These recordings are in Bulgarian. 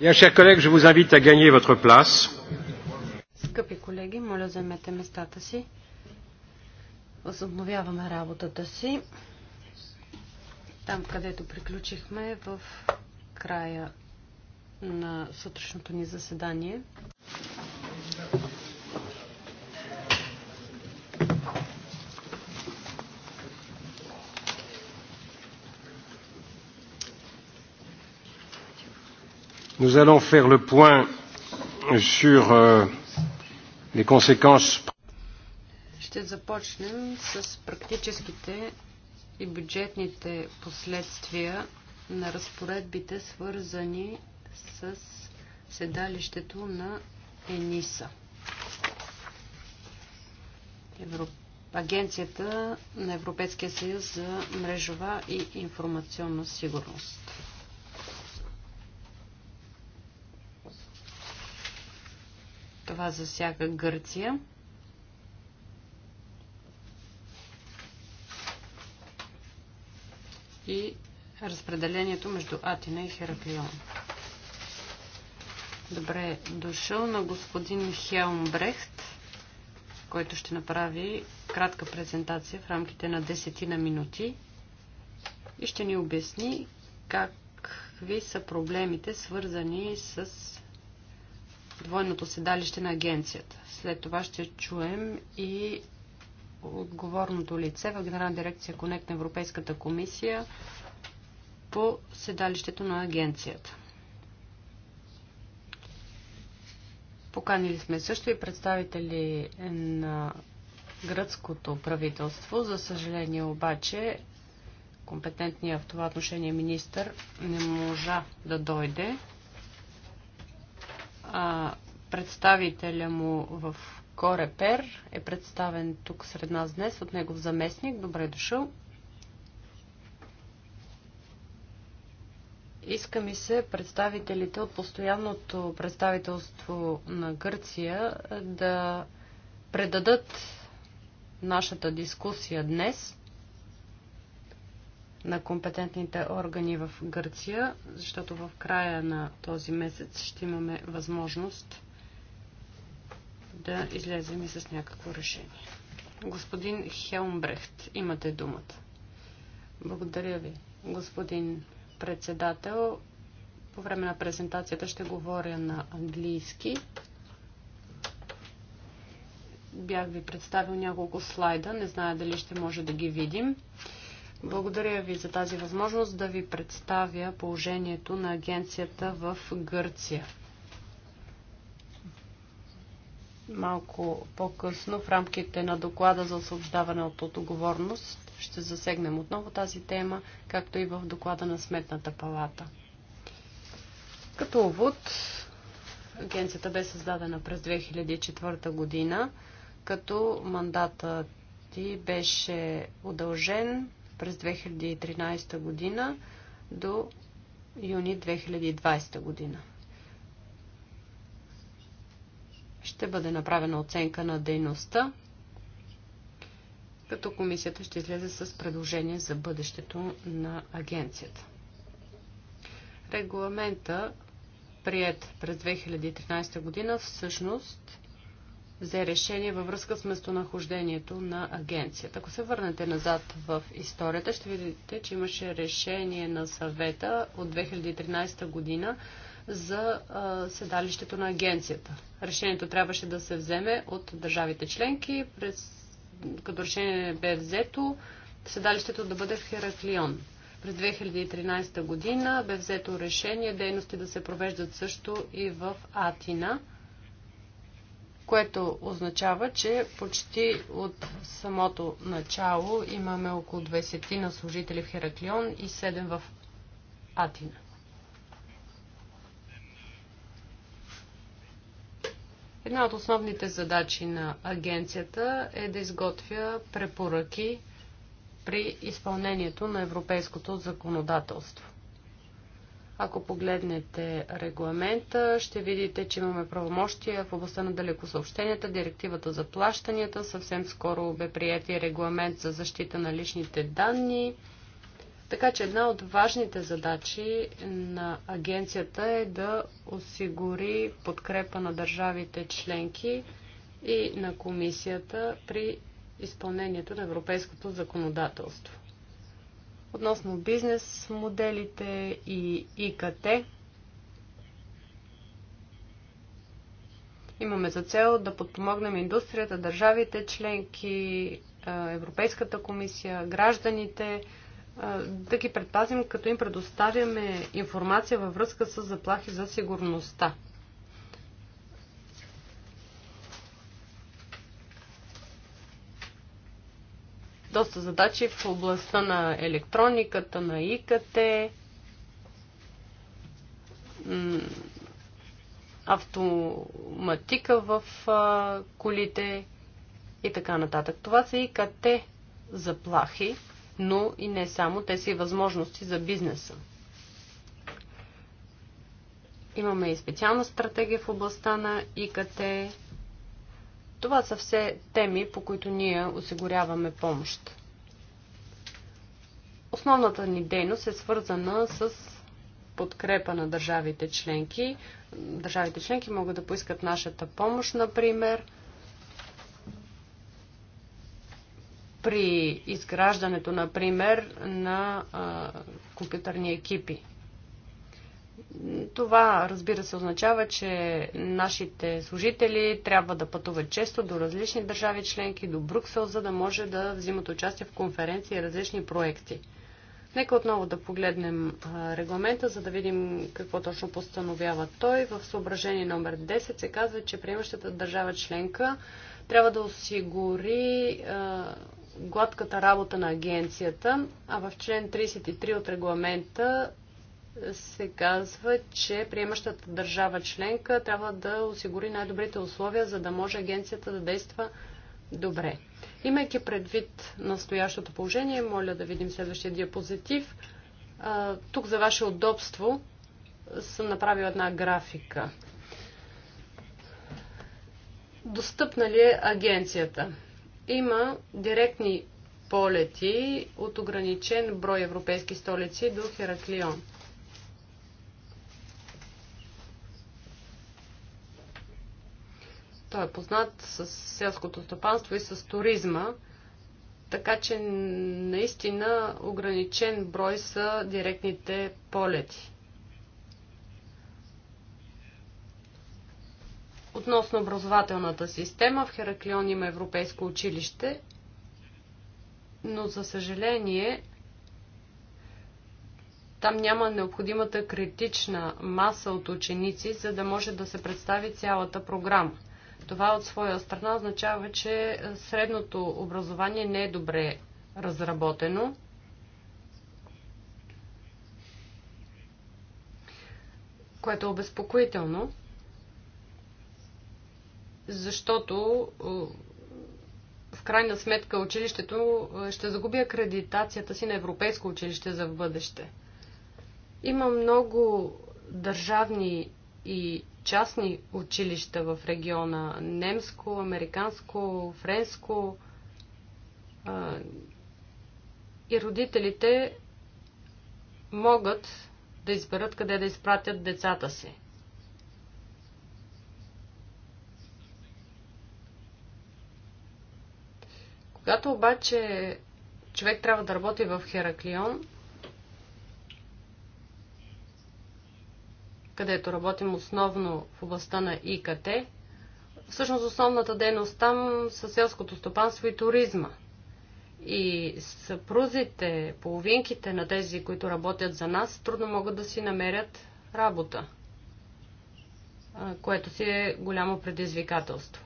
Bien, chers collègues, je vous invite à gagner votre place. Скъпи колеги, моля заемете местата си. Възобновяваме работата си. Там, където приключихме в края на сутрешното ни заседание. Nous allons faire le point sur euh, les conséquences. Ще започнем с практическите и бюджетните последствия на разпоредбите, свързани с седалището на ЕНИСА. Агенцията на Европейския съюз за мрежова и информационна сигурност. Това засяга Гърция. И разпределението между Атина и Хераклион. Добре, дошъл на господин Хелмбрехт, който ще направи кратка презентация в рамките на 10 на минути и ще ни обясни какви са проблемите свързани с двойното седалище на агенцията. След това ще чуем и отговорното лице в Генерална дирекция Конект на Европейската комисия по седалището на агенцията. Поканили сме също и представители на гръцкото правителство. За съжаление обаче, компетентният в това отношение министр не можа да дойде а, представителя му в Корепер е представен тук сред нас днес от негов заместник. Добре е дошъл. Иска ми се представителите от постоянното представителство на Гърция да предадат нашата дискусия днес на компетентните органи в Гърция, защото в края на този месец ще имаме възможност да излезем и с някакво решение. Господин Хелмбрехт, имате думата. Благодаря ви, господин председател. По време на презентацията ще говоря на английски. Бях ви представил няколко слайда, не зная дали ще може да ги видим. Благодаря ви за тази възможност да ви представя положението на агенцията в Гърция. Малко по-късно, в рамките на доклада за освобождаване от отговорност, ще засегнем отново тази тема, както и в доклада на Сметната палата. Като увод, агенцията бе създадена през 2004 година, като мандатът ти беше удължен през 2013 година до юни 2020 година. Ще бъде направена оценка на дейността, като комисията ще излезе с предложение за бъдещето на агенцията. Регламента, прият през 2013 година, всъщност взе решение във връзка с местонахождението на агенцията. Ако се върнете назад в историята, ще видите, че имаше решение на съвета от 2013 година за а, седалището на агенцията. Решението трябваше да се вземе от държавите членки, през, като решение бе взето седалището да бъде в Хераклион. През 2013 година бе взето решение дейности да се провеждат също и в Атина – което означава, че почти от самото начало имаме около 20 на служители в Хераклион и 7 в Атина. Една от основните задачи на агенцията е да изготвя препоръки при изпълнението на европейското законодателство. Ако погледнете регламента, ще видите, че имаме правомощия в областта на далекосъобщенията, директивата за плащанията, съвсем скоро бе приятия регламент за защита на личните данни. Така че една от важните задачи на агенцията е да осигури подкрепа на държавите членки и на комисията при изпълнението на европейското законодателство. Относно бизнес моделите и ИКТ, имаме за цел да подпомогнем индустрията, държавите, членки, Европейската комисия, гражданите, да ги предпазим, като им предоставяме информация във връзка с заплахи за сигурността. доста задачи в областта на електрониката, на ИКТ, автоматика в колите и така нататък. Това са ИКТ заплахи, но и не само, те са и възможности за бизнеса. Имаме и специална стратегия в областта на ИКТ, това са все теми, по които ние осигуряваме помощ. Основната ни дейност е свързана с подкрепа на държавите членки. Държавите членки могат да поискат нашата помощ, например, при изграждането, например, на а, компютърни екипи. Това, разбира се, означава, че нашите служители трябва да пътуват често до различни държави членки, до Брюксел, за да може да взимат участие в конференции и различни проекти. Нека отново да погледнем регламента, за да видим какво точно постановява той. В съображение номер 10 се казва, че приемащата държава членка трябва да осигури гладката работа на агенцията, а в член 33 от регламента се казва, че приемащата държава членка трябва да осигури най-добрите условия, за да може агенцията да действа добре. Имайки предвид настоящото положение, моля да видим следващия диапозитив. Тук за ваше удобство съм направила една графика. Достъпна ли е агенцията? Има директни полети от ограничен брой европейски столици до Хераклион. Той е познат с селското стопанство и с туризма. Така че наистина ограничен брой са директните полети. Относно образователната система, в Хераклион има Европейско училище, но за съжаление там няма необходимата критична маса от ученици, за да може да се представи цялата програма. Това от своя страна означава, че средното образование не е добре разработено. което е обезпокоително, защото в крайна сметка училището е, ще загуби акредитацията си на Европейско училище за в бъдеще. Има много държавни и частни училища в региона. Немско, американско, френско. И родителите могат да изберат къде да изпратят децата си. Когато обаче човек трябва да работи в Хераклион, където работим основно в областта на ИКТ. Всъщност основната дейност там са селското стопанство и туризма. И съпрузите, половинките на тези, които работят за нас, трудно могат да си намерят работа, което си е голямо предизвикателство.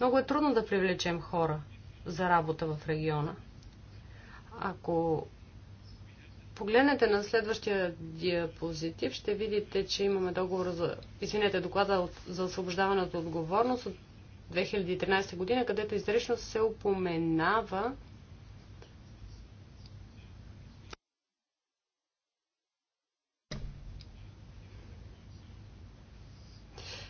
Много е трудно да привлечем хора за работа в региона. Ако погледнете на следващия диапозитив, ще видите, че имаме договор за, извинете, доклада за освобождаване от отговорност от 2013 година, където изрично се упоменава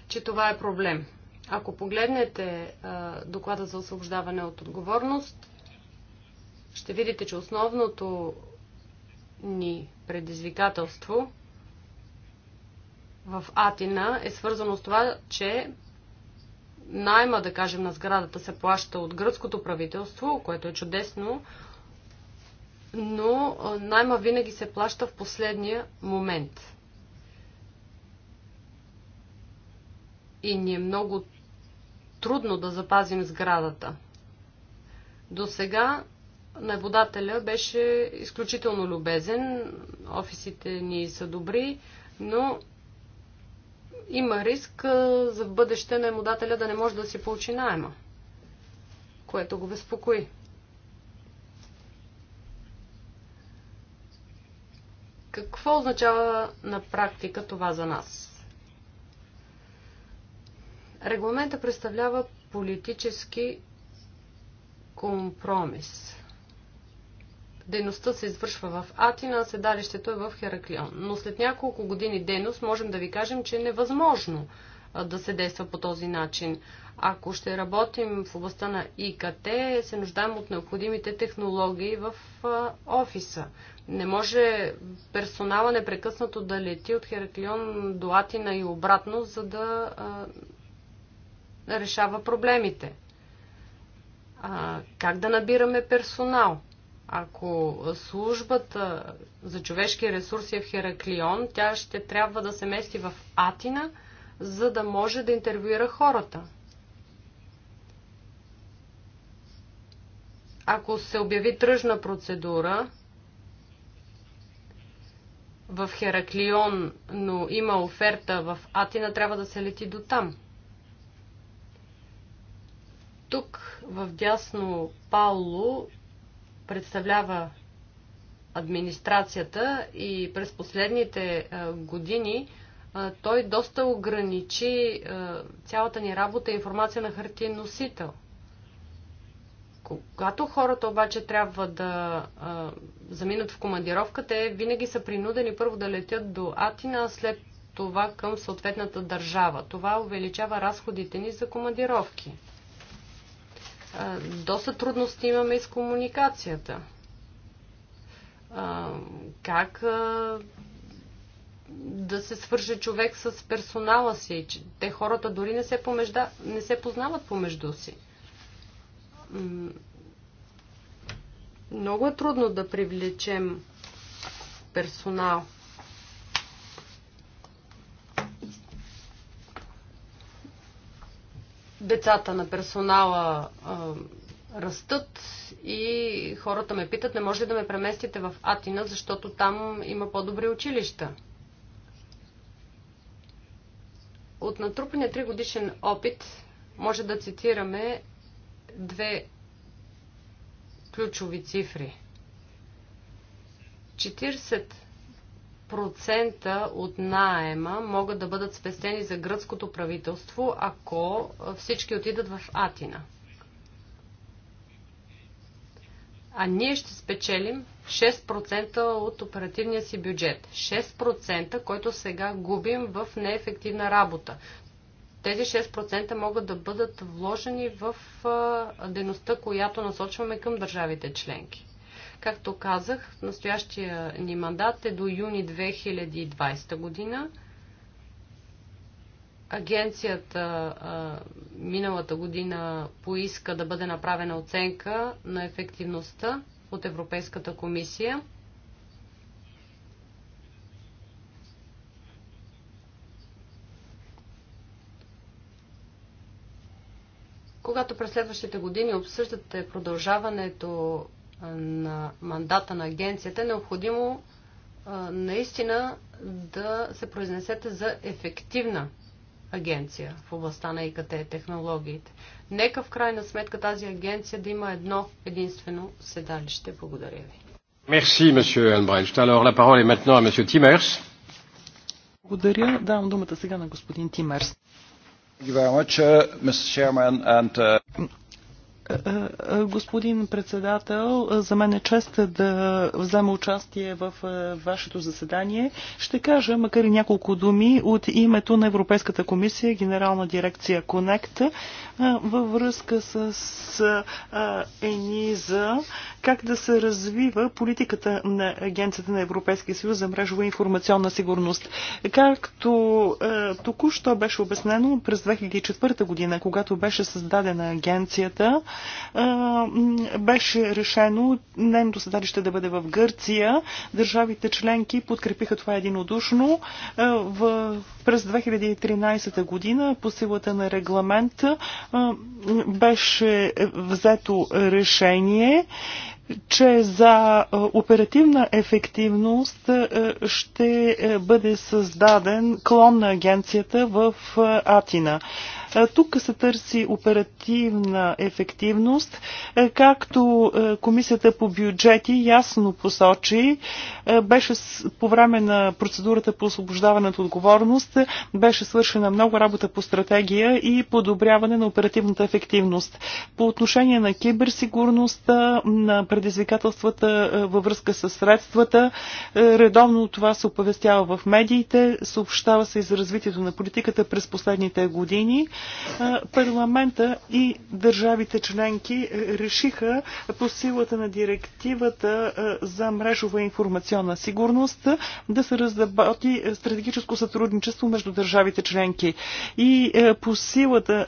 че това е проблем. Ако погледнете а, доклада за освобождаване от отговорност, ще видите, че основното ни предизвикателство в Атина е свързано с това, че найма, да кажем, на сградата се плаща от гръцкото правителство, което е чудесно, но найма винаги се плаща в последния момент. И ни е много трудно да запазим сградата. До сега Наблюдателя беше изключително любезен, офисите ни са добри, но има риск за в бъдеще наемодателя да не може да си получи найема, което го безпокои. Какво означава на практика това за нас? Регламента представлява политически компромис. Дейността се извършва в Атина, седалището е в Хераклион. Но след няколко години дейност можем да ви кажем, че е невъзможно да се действа по този начин. Ако ще работим в областта на ИКТ, се нуждаем от необходимите технологии в офиса. Не може персонала непрекъснато да лети от Хераклион до Атина и обратно, за да решава проблемите. А, как да набираме персонал? Ако службата за човешки ресурси е в Хераклион, тя ще трябва да се мести в Атина, за да може да интервюира хората. Ако се обяви тръжна процедура в Хераклион, но има оферта в Атина, трябва да се лети до там. Тук в дясно Пауло представлява администрацията и през последните години той доста ограничи цялата ни работа и информация на хартиен носител. Когато хората обаче трябва да заминат в командировка, те винаги са принудени първо да летят до Атина, а след това към съответната държава. Това увеличава разходите ни за командировки доста трудности имаме и с комуникацията. Как да се свърже човек с персонала си? че Те хората дори не се, помежда, не се познават помежду си. Много е трудно да привлечем персонал – децата на персонала а, растат и хората ме питат, не може ли да ме преместите в Атина, защото там има по-добри училища. От натрупания тригодишен опит може да цитираме две ключови цифри процента от найема могат да бъдат спестени за гръцкото правителство, ако всички отидат в Атина. А ние ще спечелим 6% от оперативния си бюджет. 6%, който сега губим в неефективна работа. Тези 6% могат да бъдат вложени в дейността, която насочваме към държавите членки. Както казах, настоящия ни мандат е до юни 2020 година. Агенцията а, миналата година поиска да бъде направена оценка на ефективността от Европейската комисия. Когато през следващите години обсъждате продължаването на мандата на агенцията, е необходимо наистина да се произнесете за ефективна агенция в областта на ИКТ технологиите. Нека в крайна сметка тази агенция да има едно единствено седалище. Благодаря ви. Merci, monsieur Anbrelst. Alors, la parole est maintenant à monsieur Timers. Благодаря. Давам думата сега на господин Тимерс. Thank you very much, uh, Mr. Chairman, and, uh... Господин председател, за мен е чест да взема участие в вашето заседание. Ще кажа, макар и няколко думи, от името на Европейската комисия, Генерална дирекция Connect, във връзка с ЕНИЗА, как да се развива политиката на Агенцията на Европейския съюз за мрежова информационна сигурност. Както току-що беше обяснено, през 2004 година, когато беше създадена агенцията, беше решено нейното седалище да бъде в Гърция. Държавите членки подкрепиха това единодушно. В, през 2013 година по силата на регламент беше взето решение че за оперативна ефективност ще бъде създаден клон на агенцията в Атина. Е, тук се търси оперативна ефективност, е, както е, Комисията по бюджети ясно посочи, беше по време на процедурата по освобождаване от отговорност, беше свършена много работа по стратегия и подобряване на оперативната ефективност. По отношение на киберсигурността, на предизвикателствата във връзка с средствата, редовно това се оповестява в медиите, съобщава се и за развитието на политиката през последните години. Парламента и държавите членки е, решиха по силата на директивата е, за мрежова информационна сигурност да се разработи е, стратегическо сътрудничество между държавите членки и по силата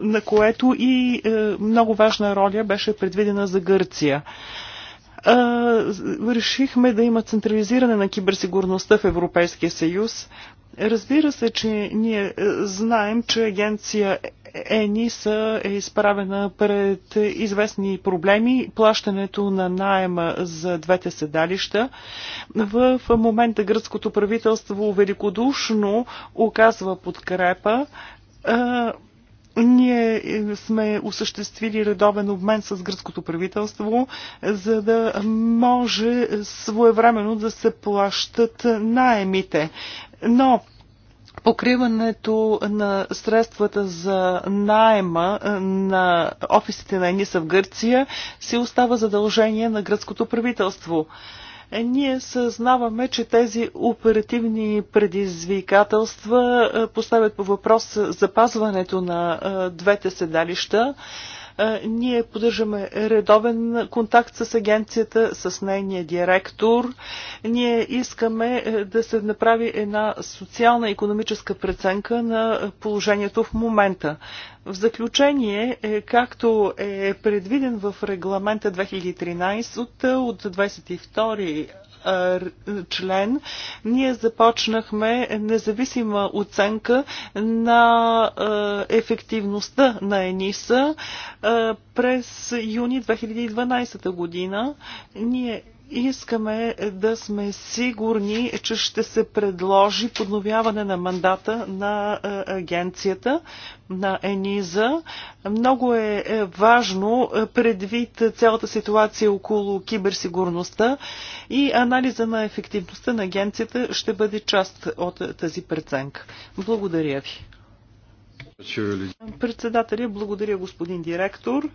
на което и много важна роля беше предвидена за Гърция решихме да има централизиране на киберсигурността в Европейския съюз. Разбира се, че ние е, знаем, че агенция Енис е изправена пред известни проблеми. Плащането на найема за двете седалища. В момента гръцкото правителство великодушно оказва подкрепа е, ние е, сме осъществили редовен обмен с гръцкото правителство, за да може своевременно да се плащат наемите. Но покриването на средствата за найема е, на офисите на ЕНИСА в Гърция си остава задължение на гръцкото правителство. Ние съзнаваме, че тези оперативни предизвикателства е, поставят по въпрос запазването на е, двете седалища. Ние поддържаме редовен контакт с агенцията, с нейния директор. Ние искаме е, да се направи една социална и економическа преценка на положението в момента. В заключение, е, както е предвиден в регламента 2013 от 22 е, член, ние започнахме независима оценка на ефективността на ЕНИСА през юни 2012 година. Ние Искаме да сме сигурни, че ще се предложи подновяване на мандата на е, агенцията, на ЕНИЗА. Много е, е важно е, предвид цялата ситуация около киберсигурността и анализа на ефективността на агенцията ще бъде част от тази преценка. Благодаря ви. Председателя, благодаря господин директор.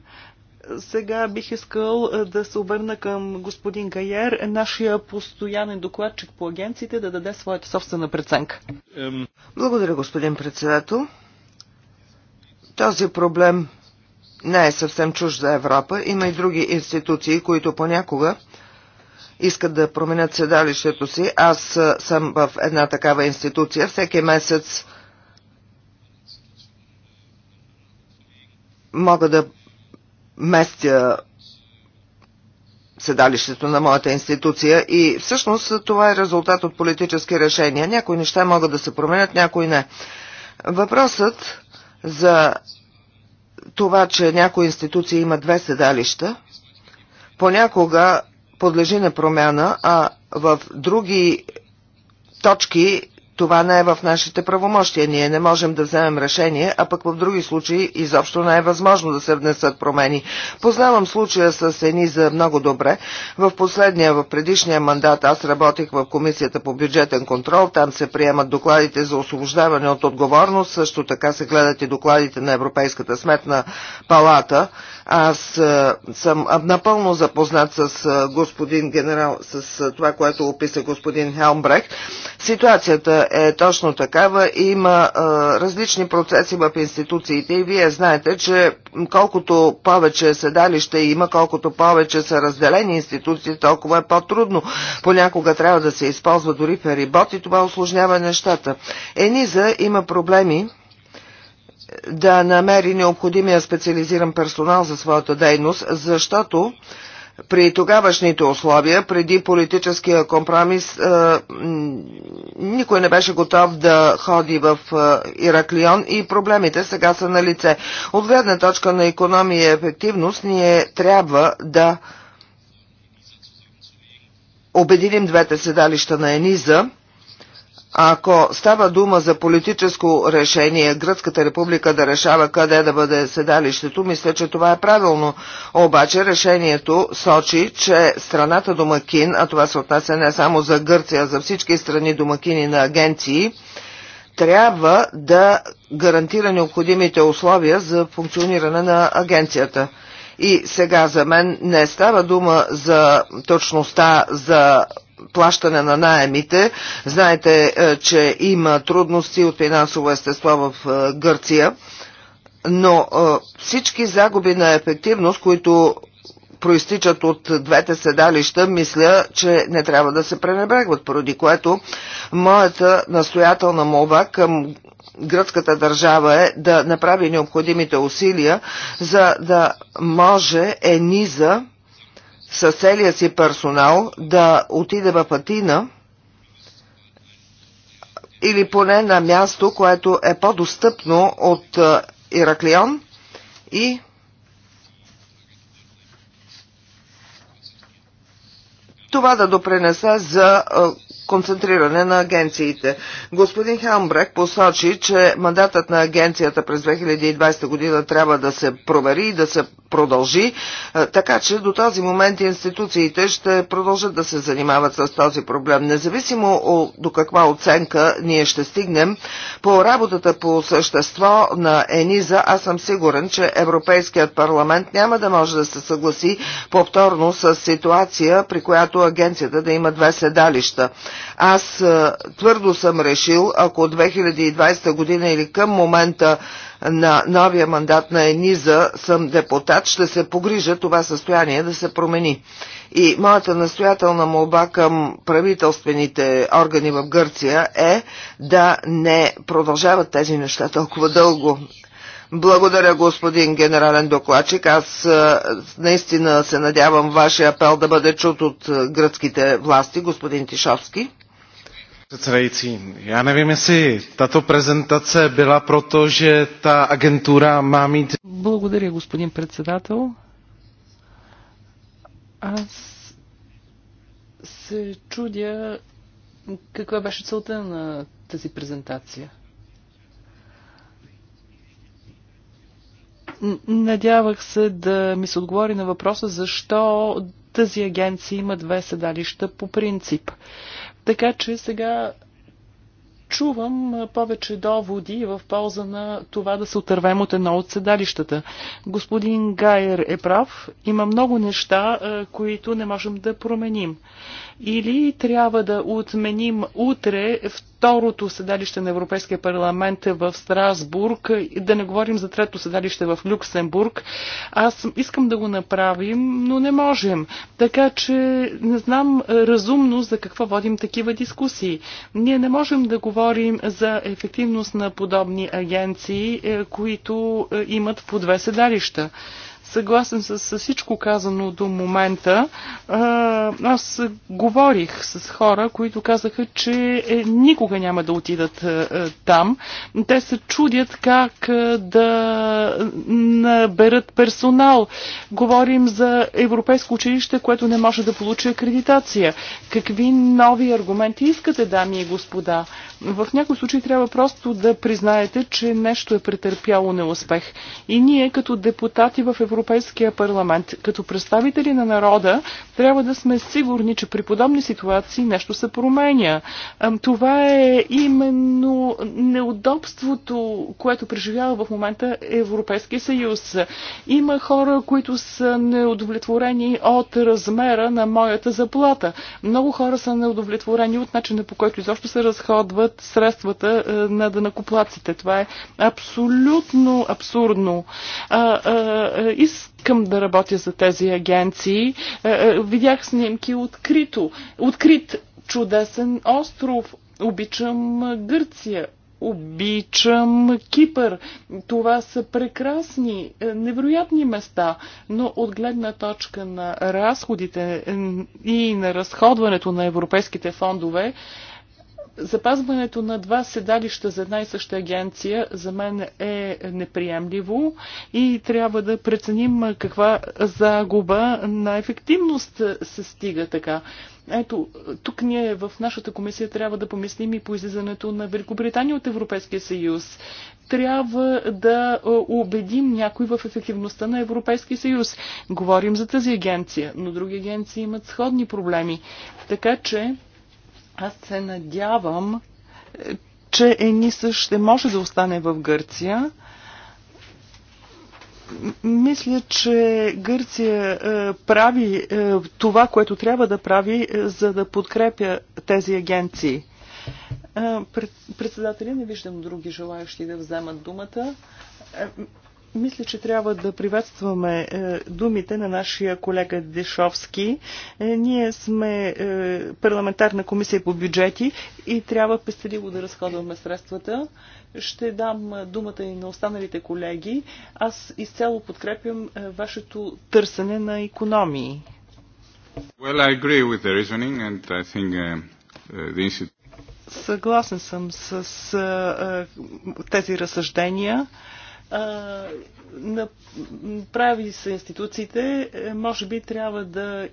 Сега бих искал е, да се обърна към господин Гайер, нашия постоянен докладчик по агенциите, да даде своята собствена преценка. Благодаря, господин председател. Този проблем не е съвсем чуж за Европа. Има и други институции, които понякога искат да променят седалището си. Аз е, съм в една такава институция. Всеки месец мога да местя седалището на моята институция и всъщност това е резултат от политически решения. Някои неща могат да се променят, някои не. Въпросът за това, че някои институции има две седалища, понякога подлежи на промяна, а в други точки това не е в нашите правомощия. Ние не можем да вземем решение, а пък в други случаи изобщо не е възможно да се внесат промени. Познавам случая с Ениза много добре. В последния, в предишния мандат аз работих в Комисията по бюджетен контрол. Там се приемат докладите за освобождаване от отговорност. Също така се гледат и докладите на Европейската сметна палата. Аз е, съм напълно запознат с е, господин генерал, с е, това, което описа господин Хелмбрехт. Ситуацията е точно такава. Има а, е, различни процеси в институциите и вие знаете, че колкото повече седалище има, колкото повече са разделени институции, толкова е по-трудно. Понякога трябва да се използва дори ферибот и това осложнява нещата. Ениза има проблеми е, да намери необходимия специализиран персонал за своята дейност, защото при тогавашните условия, преди политическия компромис, е, никой не беше готов да ходи в е, Ираклион и проблемите сега са на лице. От гледна точка на економия и ефективност, ние трябва да обединим двете седалища на Ениза – ако става дума за политическо решение Гръцката република да решава къде да бъде седалището, мисля, че това е правилно. Обаче решението сочи, че страната домакин, а това се отнася не само за Гърция, а за всички страни домакини на агенции, трябва да гарантира необходимите условия за функциониране на агенцията. И сега за мен не става дума за точността, за плащане на найемите. Знаете, е, че има трудности от финансово естество в е, Гърция, но е, всички загуби на ефективност, които проистичат от двете седалища, мисля, че не трябва да се пренебрегват, поради което моята настоятелна молба към гръцката държава е да направи необходимите усилия, за да може Ениза с целия си персонал да отиде в Атина или поне на място, което е по-достъпно от Ираклион и това да допренесе за концентриране на агенциите. Господин Хелмбрек посочи, че мандатът на агенцията през 2020 година трябва да се провери и да се продължи, е, така че до този момент институциите ще продължат да се занимават с този проблем. Независимо до каква оценка ние ще стигнем, по работата по същество на ЕНИЗА аз съм сигурен, че Европейският парламент няма да може да се съгласи повторно с ситуация, при която агенцията да има две седалища. Аз е, твърдо съм решил, ако 2020 година или към момента на новия мандат на ЕНИЗА съм депутат, ще се погрижа това състояние да се промени. И моята настоятелна молба към правителствените органи в Гърция е да не продължават тези неща толкова дълго. Благодаря, господин генерален докладчик. Аз наистина се надявам вашия апел да бъде чут от гръцките власти, господин Тишовски. Předsedající, já nevím, jestli tato prezentace byla proto, že ta agentura má mít... Благодаря, господин председател. Аз се чудя каква беше целта на тази презентация. Надявах се да ми се отговори на въпроса защо тази агенция има две седалища по принцип. Така че сега чувам повече доводи в полза на това да се отървем от едно от седалищата. Господин Гайер е прав. Има много неща, които не можем да променим. Или трябва да отменим утре в второто седалище на Европейския парламент е в Страсбург, да не говорим за трето седалище в Люксембург. Аз искам да го направим, но не можем. Така че не знам разумно за какво водим такива дискусии. Ние не можем да говорим за ефективност на подобни агенции, е, които е, имат по две седалища. Съгласен с, с всичко казано до момента. Аз говорих с хора, които казаха, че е, никога няма да отидат там. Те се чудят как да наберат персонал. Говорим за европейско училище, което не може да получи акредитация. Какви нови аргументи искате, дами и господа? В някои случаи трябва просто да признаете, че нещо е претърпяло неуспех. И ние като депутати в Европейско Европейския парламент, като представители на народа, трябва да сме сигурни, че при подобни ситуации нещо се променя. Това е именно неудобството, което преживява в момента Европейския съюз. Има хора, които са неудовлетворени от размера на моята заплата. Много хора са неудовлетворени от начина по който изобщо се разходват средствата е, на данакоплаците. Това е абсолютно абсурдно. А, а, искам да работя за тези агенции. Е, е, видях снимки открито. Открит чудесен остров. Обичам Гърция. Обичам Кипър. Това са прекрасни, е, невероятни места, но от гледна точка на разходите и на разходването на европейските фондове, Запазването на два седалища за една и съща агенция за мен е неприемливо и трябва да преценим каква загуба на ефективност се стига така. Ето, тук ние в нашата комисия трябва да помислим и по излизането на Великобритания от Европейския съюз. Трябва да убедим някой в ефективността на Европейския съюз. Говорим за тази агенция, но други агенции имат сходни проблеми. Така че аз се надявам, че Ениса ще може да остане в Гърция. Мисля, че Гърция е, прави е, това, което трябва да прави, е, за да подкрепя тези агенции. Председателя, не виждам други желаящи да вземат думата. Мисля, че трябва да приветстваме е, думите на нашия колега Дешовски. Е, ние сме е, парламентарна комисия по бюджети и трябва пестеливо да разходваме средствата. Ще дам думата и на останалите колеги. Аз изцяло подкрепям вашето търсене на економии. Well, I agree with the reasoning and I think uh, uh the institute... Съгласен съм с тези разсъждения. А прави са институциите, е, може би трябва да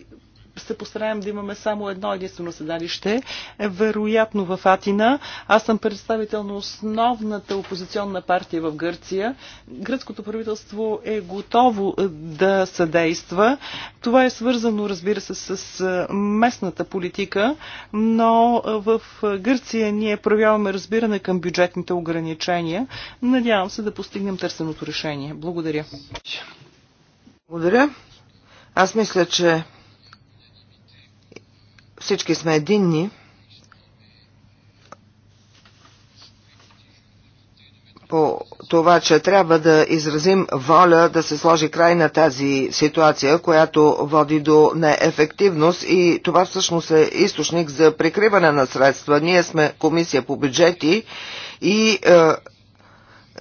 се постараем да имаме само едно единствено седалище, е вероятно в Атина. Аз съм представител на основната опозиционна партия в Гърция. Гръцкото правителство е готово е, да съдейства. Това е свързано, разбира се, с е, местната политика, но в Гърция ние проявяваме разбиране към бюджетните ограничения. Надявам се да постигнем търсеното решение. Благодаря. Благодаря. Аз мисля, че всички сме единни по това, че трябва да изразим воля да се сложи край на тази ситуация, която води до неефективност и това всъщност е източник за прикриване на средства. Ние сме комисия по бюджети и, е,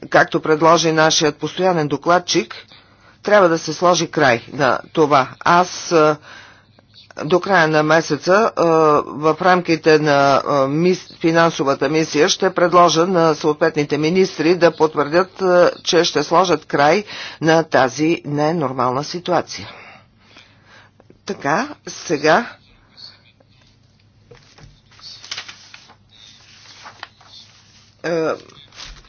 както предложи нашият постоянен докладчик, трябва да се сложи край на това. Аз е, до края на месеца в рамките на финансовата мисия ще предложа на съответните министри да потвърдят, че ще сложат край на тази ненормална ситуация. Така, сега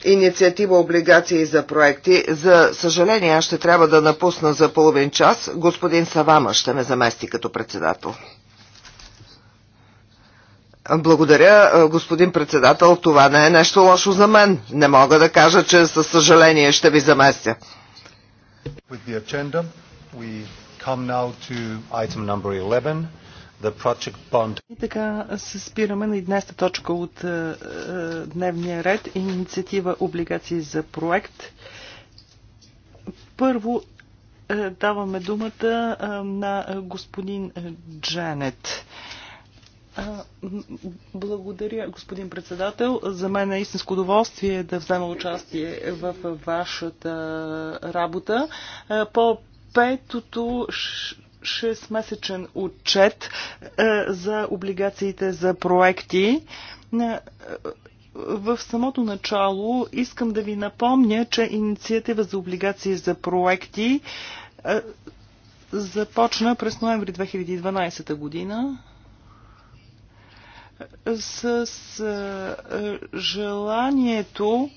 инициатива облигации за проекти. За съжаление, аз ще трябва да напусна за половин час. Господин Савама ще ме замести като председател. Благодаря, господин председател. Това не е нещо лошо за мен. Не мога да кажа, че със съжаление ще ви заместя. With the agenda, we come now to item number 11. И така се спираме на 11-та точка от е, е, дневния ред. Инициатива облигации за проект. Първо е, даваме думата е, на господин Джанет. Е, благодаря, господин председател. За мен е истинско удоволствие да взема участие в вашата работа. Е, по петото, 6-месечен отчет е, за облигациите за проекти. Е, в самото начало искам да ви напомня, че инициатива за облигации за проекти е, започна през ноември 2012 година с желанието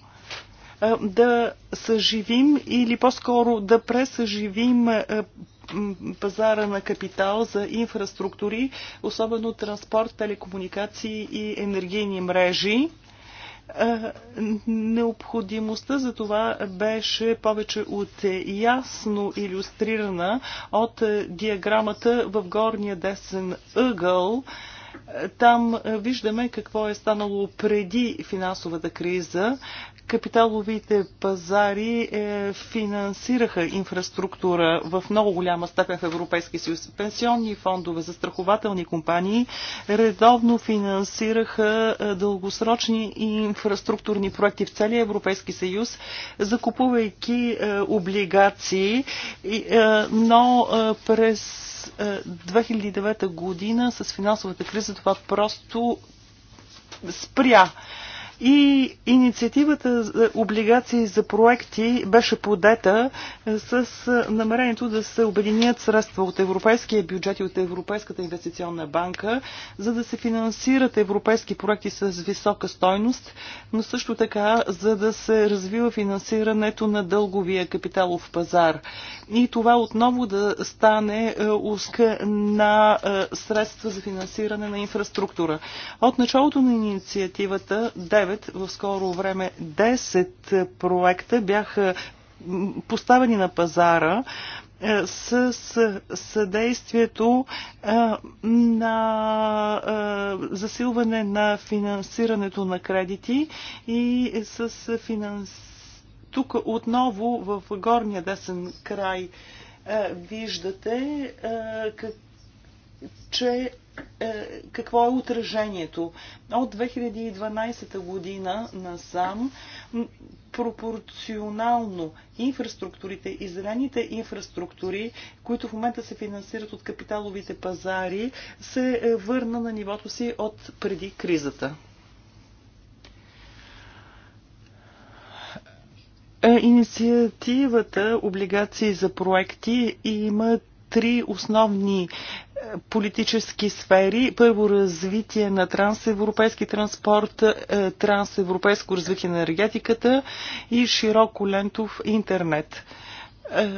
да съживим или по-скоро да пресъживим пазара на капитал за инфраструктури, особено транспорт, телекомуникации и енергийни мрежи. Е, необходимостта за това беше повече от ясно иллюстрирана от диаграмата в горния десен ъгъл. Е, там виждаме какво е станало преди финансовата криза капиталовите пазари е, финансираха инфраструктура в много голяма степен в Европейския съюз. Пенсионни фондове, застрахователни компании редовно финансираха е, дългосрочни инфраструктурни проекти в целия Европейски съюз, закупувайки е, облигации, е, но е, през 2009 е, година с финансовата криза това просто спря. И инициативата за облигации за проекти беше подета е, с е, намерението да се обединят средства от европейския бюджет и от Европейската инвестиционна банка, за да се финансират европейски проекти с висока стойност, но също така за да се развива финансирането на дълговия капиталов пазар. И това отново да стане е, уска на средства за финансиране на инфраструктура. От началото на инициативата 9, в скоро време 10 проекта бяха поставени на пазара е, с съдействието е, на е, засилване на финансирането на кредити и с финанс... Тук отново в горния десен край виждате че е, какво е отражението. От 2012 година насам пропорционално инфраструктурите и зелените инфраструктури, които в момента се финансират от капиталовите пазари, се е, върна на нивото си от преди кризата. Е, инициативата облигации за проекти има три основни политически сфери. Първо развитие на трансевропейски транспорт, е, трансевропейско развитие на енергетиката и широко лентов интернет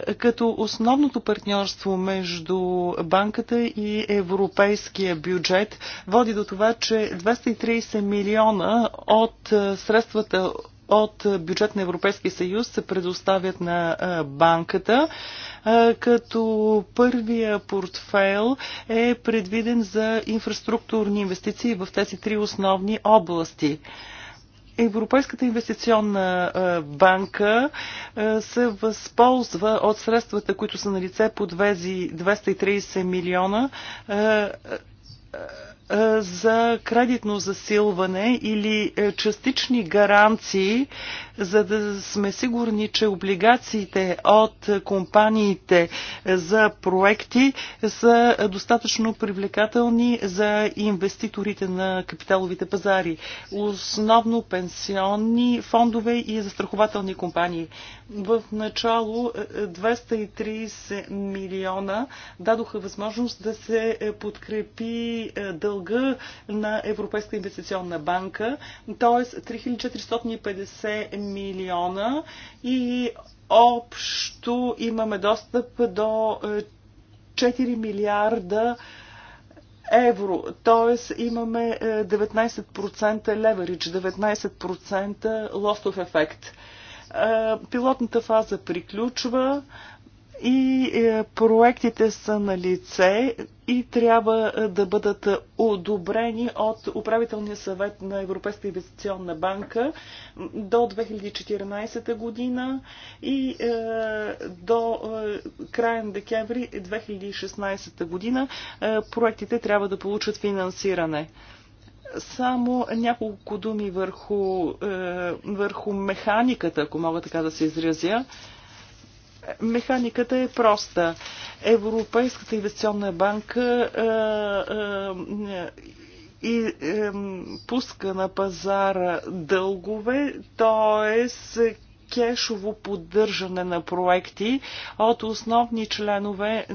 е, като основното партньорство между банката и европейския бюджет води до това, че 230 милиона от е, средствата от бюджет на Европейския съюз се предоставят на банката, като първия портфейл е предвиден за инфраструктурни инвестиции в тези три основни области. Европейската инвестиционна банка се възползва от средствата, които са на лице по 230 милиона е, за кредитно засилване или е, частични гаранции, за да сме сигурни, че облигациите от компаниите е, за проекти са достатъчно привлекателни за инвеститорите на капиталовите пазари, основно пенсионни фондове и застрахователни компании. В начало 230 милиона дадоха възможност да се подкрепи дълг дълга на Европейска инвестиционна банка, т.е. 3450 милиона и общо имаме достъп до 4 е, милиарда евро, т.е. имаме 19% е, леверидж, 19% лостов ефект. Е, пилотната фаза приключва и е, проектите са на лице и трябва е, да бъдат одобрени от управителния съвет на Европейска инвестиционна банка до 2014 година и е, до е, края на декември 2016 година е, проектите трябва да получат финансиране. Само няколко думи върху, е, върху механиката, ако мога така да се изразя. Механиката е проста. Европейската инвестиционна банка е, е, е, и е, пуска на пазара дългове, т.е кешово поддържане на проекти от основни членове.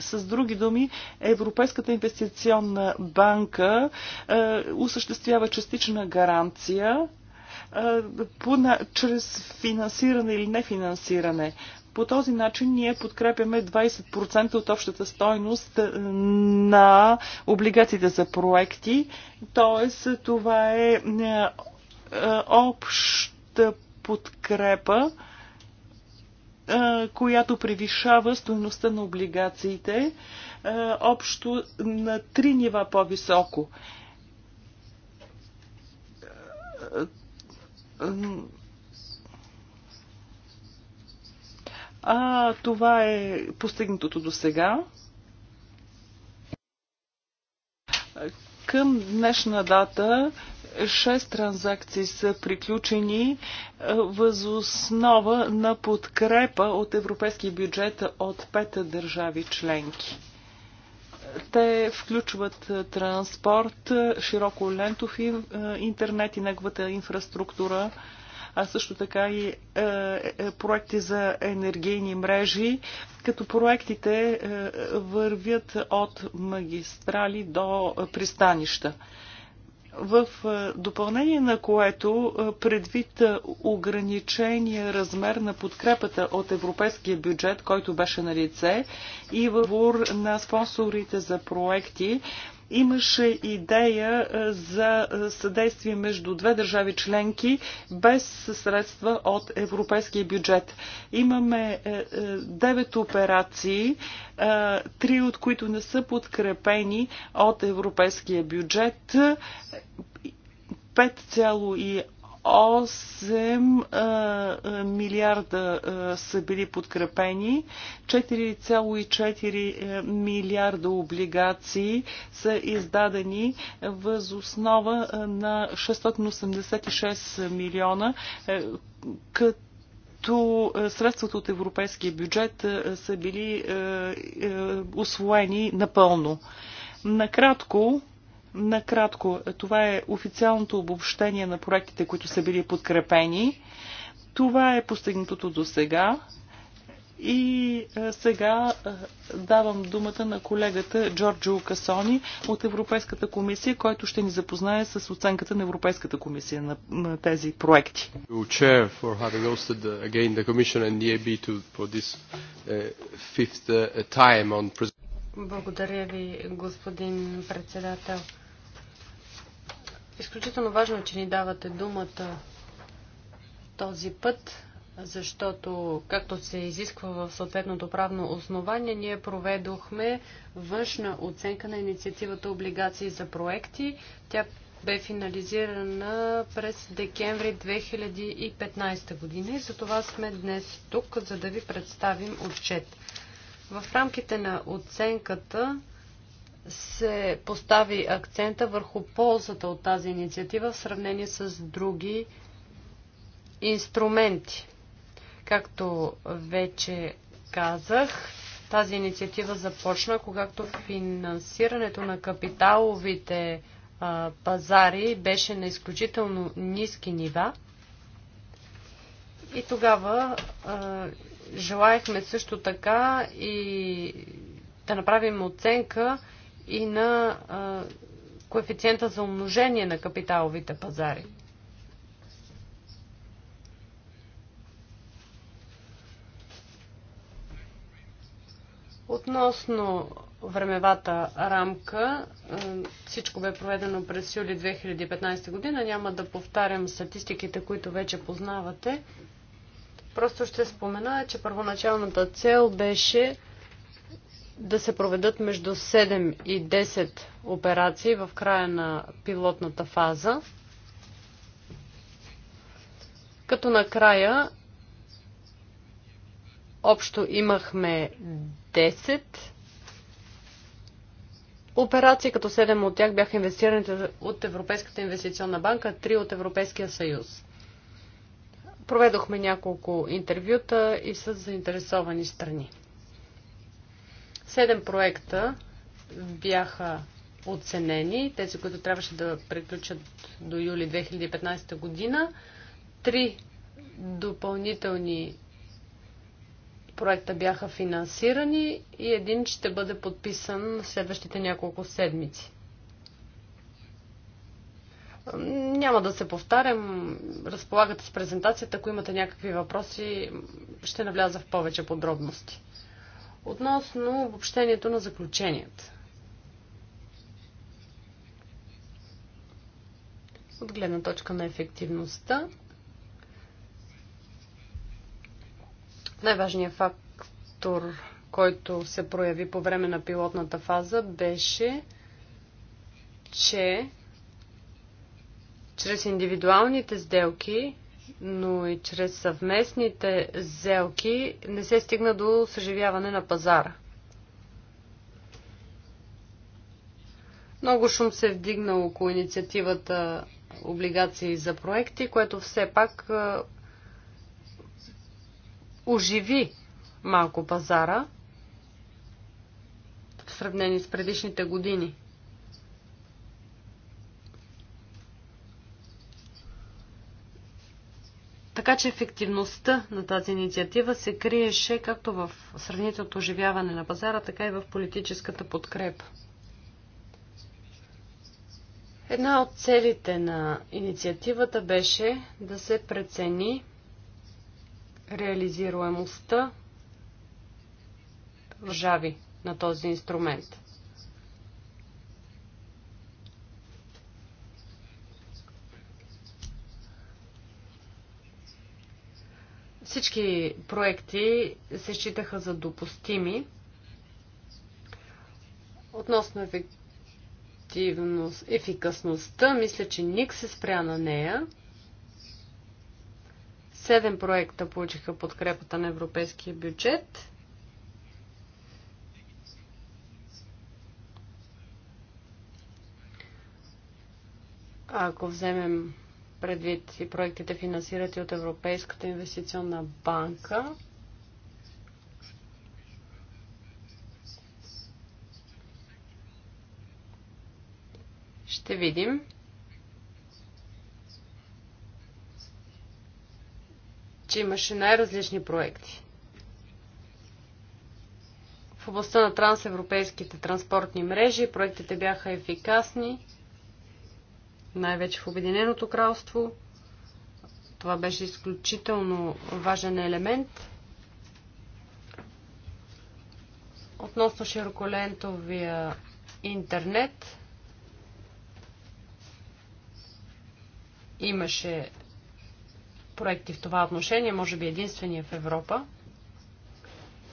С други думи, Европейската инвестиционна банка е, осъществява частична гаранция е, по, на, чрез финансиране или нефинансиране. По този начин ние подкрепяме 20% от общата стойност е, на облигациите за проекти, т.е. това е, е обща подкрепа, е, която превишава стоеността на облигациите общо на три нива по-високо А това е постигнатото до сега. Към днешна дата 6 транзакции са приключени е, възоснова на подкрепа от европейски бюджет от 5 държави членки. Те включват е, транспорт, широко лентов е, интернет и неговата инфраструктура, а също така и е, е, проекти за енергийни мрежи, като проектите е, вървят от магистрали до пристанища. В допълнение на което, предвид ограничения размер на подкрепата от европейския бюджет, който беше на лице, и във на спонсорите за проекти, имаше идея е, за е, съдействие между две държави членки без средства от европейския бюджет. Имаме е, девет операции, три от които не са подкрепени от европейския бюджет. 8 милиарда са били подкрепени, 4,4 милиарда облигации са издадени въз основа на 686 милиона, като като средствата от европейския бюджет са били освоени напълно. Накратко, Накратко, това е официалното обобщение на проектите, които са били подкрепени. Това е постигнатото до сега. И е, сега е, давам думата на колегата Джорджо Касони от Европейската комисия, който ще ни запознае с оценката на Европейската комисия на, на тези проекти. Благодаря ви, господин председател. Изключително важно е, че ни давате думата този път, защото, както се изисква в съответното правно основание, ние проведохме външна оценка на инициативата облигации за проекти. Тя бе финализирана през декември 2015 година и за това сме днес тук, за да ви представим отчет. В рамките на оценката се постави акцента върху ползата от тази инициатива в сравнение с други инструменти. Както вече казах, тази инициатива започна, когато финансирането на капиталовите а, пазари беше на изключително ниски нива. И тогава а, желаехме също така и да направим оценка и на а, коефициента за умножение на капиталовите пазари. Относно времевата рамка, всичко бе проведено през юли 2015 година. Няма да повтарям статистиките, които вече познавате. Просто ще спомена, че първоначалната цел беше да се проведат между 7 и 10 операции в края на пилотната фаза, като накрая общо имахме 10 операции, като 7 от тях бяха инвестираните от Европейската инвестиционна банка, 3 от Европейския съюз. Проведохме няколко интервюта и с заинтересовани страни. Седем проекта бяха оценени, тези, които трябваше да приключат до юли 2015 година. Три допълнителни проекта бяха финансирани и един ще бъде подписан следващите няколко седмици. Няма да се повтарям. Разполагате с презентацията. Ако имате някакви въпроси, ще навляза в повече подробности. Относно обобщението на заключенията. От гледна точка на ефективността, най-важният фактор, който се прояви по време на пилотната фаза, беше, че чрез индивидуалните сделки но и чрез съвместните сделки не се стигна до съживяване на пазара. Много шум се е вдигна около инициативата облигации за проекти, което все пак оживи малко пазара в сравнение с предишните години. Така че ефективността на тази инициатива се криеше както в сравнителното оживяване на пазара, така и в политическата подкрепа. Една от целите на инициативата беше да се прецени реализируемостта държави на този инструмент. Всички проекти се считаха за допустими. Относно ефективност, ефикасността, мисля, че ник се спря на нея. Седем проекта получиха подкрепата на европейския бюджет. ако вземем предвид и проектите финансирате от Европейската инвестиционна банка. Ще видим. че имаше най-различни проекти. В областта на трансевропейските транспортни мрежи проектите бяха ефикасни най-вече в Обединеното кралство. Това беше изключително важен елемент. Относно широколентовия интернет, имаше проекти в това отношение, може би единствения в Европа.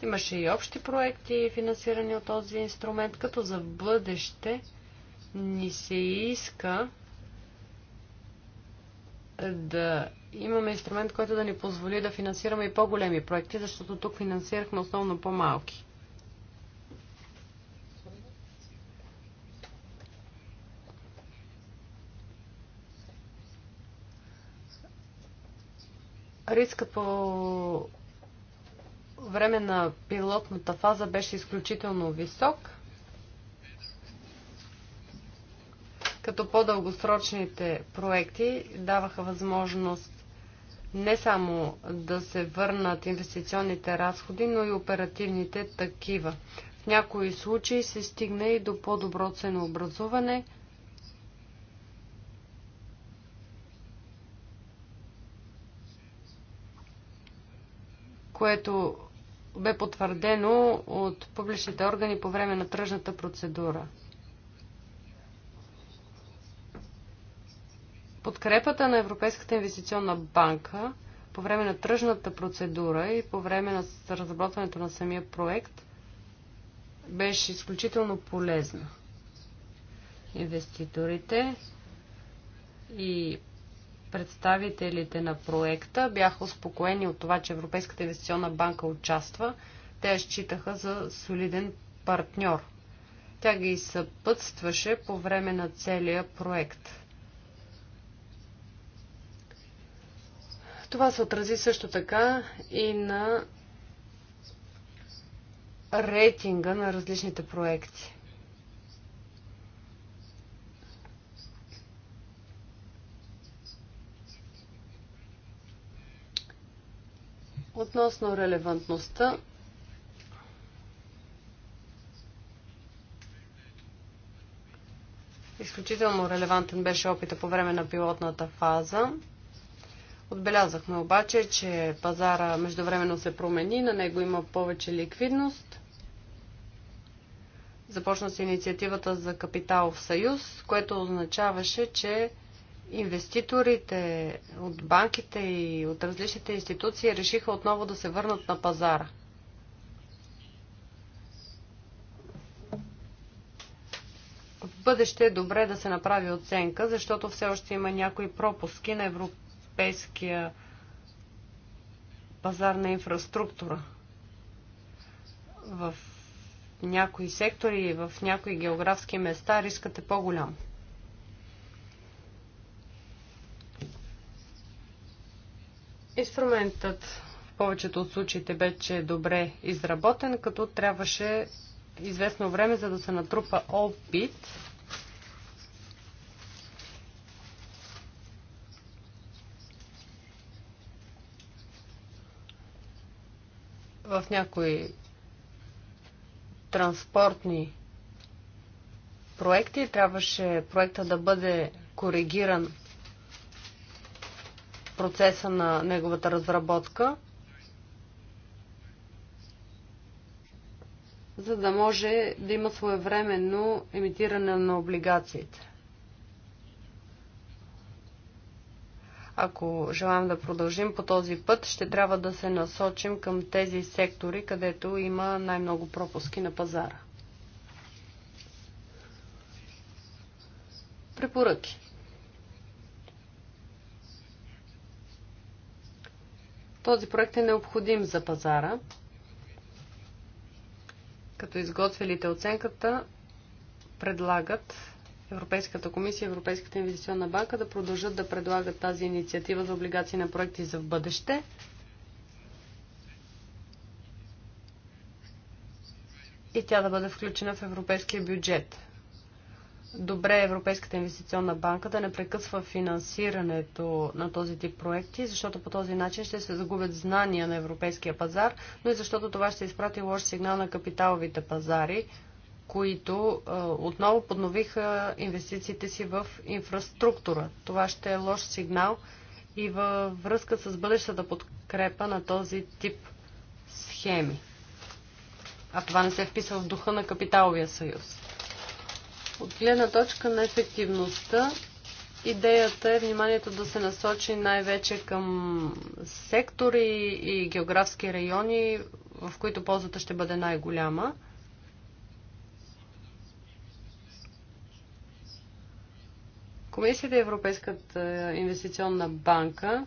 Имаше и общи проекти, финансирани от този инструмент, като за бъдеще ни се иска да имаме инструмент, който да ни позволи да финансираме и по-големи проекти, защото тук финансирахме основно по-малки. риска по време на пилотната фаза беше изключително висок. като по-дългосрочните проекти даваха възможност не само да се върнат инвестиционните разходи, но и оперативните такива. В някои случаи се стигна и до по-добро ценообразуване, което бе потвърдено от публичните органи по време на тръжната процедура. Подкрепата на Европейската инвестиционна банка по време на тръжната процедура и по време на разработването на самия проект беше изключително полезна. Инвеститорите и представителите на проекта бяха успокоени от това, че Европейската инвестиционна банка участва. Те считаха за солиден партньор. Тя ги съпътстваше по време на целия проект. Това се отрази също така и на рейтинга на различните проекти. Относно релевантността, изключително релевантен беше опита по време на пилотната фаза. Отбелязахме обаче, че пазара междувременно се промени, на него има повече ликвидност. Започна се инициативата за капитал в Съюз, което означаваше, че инвеститорите от банките и от различните институции решиха отново да се върнат на пазара. В бъдеще е добре да се направи оценка, защото все още има някои пропуски на европейските европейския пазар на инфраструктура. В някои сектори и в някои географски места рискът е по-голям. Инструментът в повечето от случаите беше е добре изработен, като трябваше известно време, за да се натрупа опит в някои транспортни проекти трябваше проекта да бъде коригиран процеса на неговата разработка, за да може да има своевременно емитиране на облигациите. Ако желаем да продължим по този път, ще трябва да се насочим към тези сектори, където има най-много пропуски на пазара. Препоръки. Този проект е необходим за пазара. Като изготвилите оценката предлагат Европейската комисия и Европейската инвестиционна банка да продължат да предлагат тази инициатива за облигации на проекти за в бъдеще. И тя да бъде включена в европейския бюджет. Добре е Европейската инвестиционна банка да не прекъсва финансирането на този тип проекти, защото по този начин ще се загубят знания на европейския пазар, но и защото това ще изпрати лош сигнал на капиталовите пазари, които отново подновиха инвестициите си в инфраструктура. Това ще е лош сигнал и във връзка с бъдещата подкрепа на този тип схеми. А това не се вписва в духа на капиталовия съюз. От гледна точка на ефективността, идеята е вниманието да се насочи най-вече към сектори и географски райони, в които ползата ще бъде най-голяма. Комисията и Европейската е, инвестиционна банка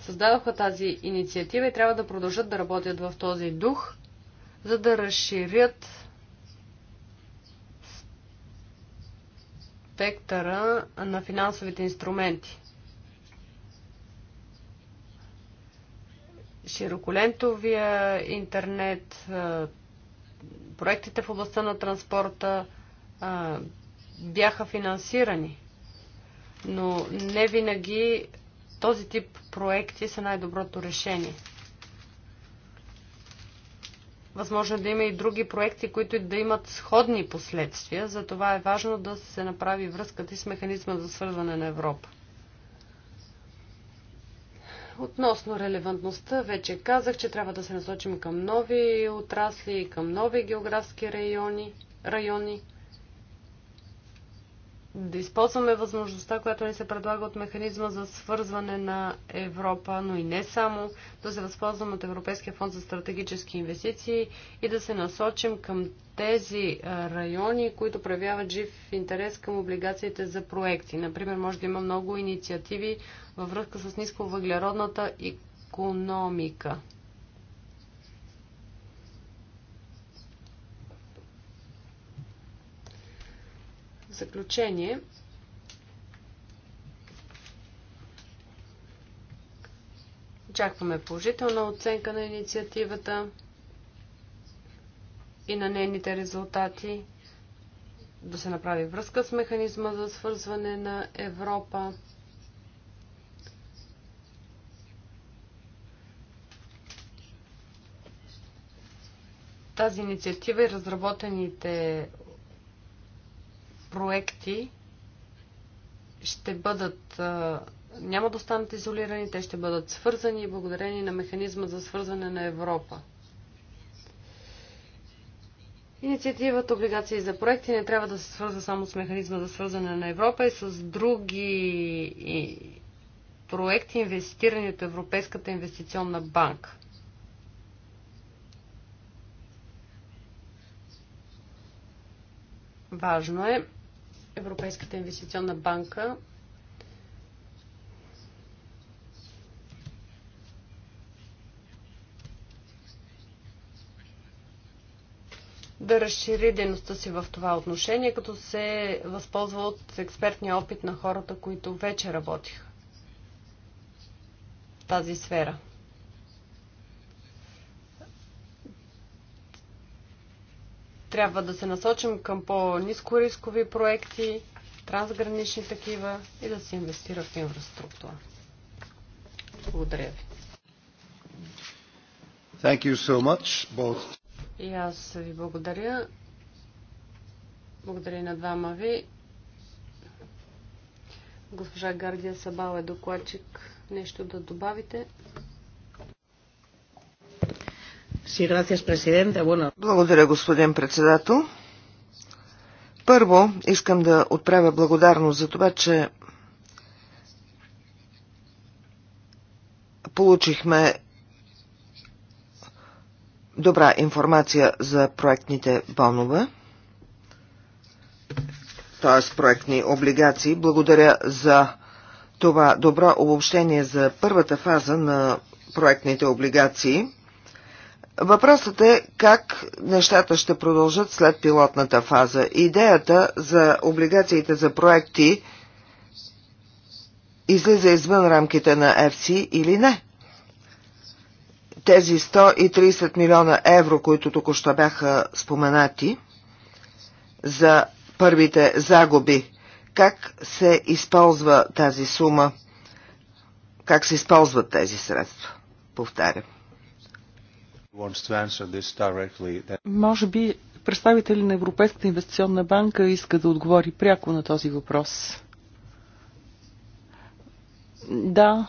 създадоха тази инициатива и трябва да продължат да работят в този дух, за да разширят спектъра на финансовите инструменти. Широколентовия интернет, е, проектите в областта на транспорта е, бяха финансирани но не винаги този тип проекти са най-доброто решение. Възможно е да има и други проекти, които да имат сходни последствия, затова е важно да се направи връзката и с механизма за свързване на Европа. Относно релевантността, вече казах, че трябва да се насочим към нови отрасли, към нови географски райони, райони да използваме възможността, която ни се предлага от механизма за свързване на Европа, но и не само, да се възползваме от Европейския фонд за стратегически инвестиции и да се насочим към тези райони, които проявяват жив интерес към облигациите за проекти. Например, може да има много инициативи във връзка с нисковъглеродната економика. заключение, очакваме положителна оценка на инициативата и на нейните резултати, да се направи връзка с механизма за свързване на Европа. Тази инициатива и разработените проекти ще бъдат, няма да останат изолирани, те ще бъдат свързани и благодарени на механизма за свързване на Европа. Инициативата облигации за проекти не трябва да се свързва само с механизма за свързване на Европа и е с други проекти, инвестирани от Европейската инвестиционна банка. Важно е Европейската инвестиционна банка да разшири дейността си в това отношение, като се възползва от експертния опит на хората, които вече работиха в тази сфера. Трябва да се насочим към по-низко рискови проекти, трансгранични такива и да се инвестира в инфраструктура. Благодаря ви. Thank you so much, both. И аз ви благодаря. Благодаря на двама ви. Госпожа Гардия Сабал е докладчик. Нещо да добавите? Благодаря, господин председател. Първо, искам да отправя благодарност за това, че получихме добра информация за проектните бонове, т.е. проектни облигации. Благодаря за това добро обобщение за първата фаза на проектните облигации. Въпросът е как нещата ще продължат след пилотната фаза. Идеята за облигациите за проекти излиза извън рамките на FC или не. Тези 130 милиона евро, които току-що бяха споменати за първите загуби, как се използва тази сума, как се използват тези средства, повтарям. Може би представители на Европейската инвестиционна банка иска да отговори пряко на този въпрос. Да,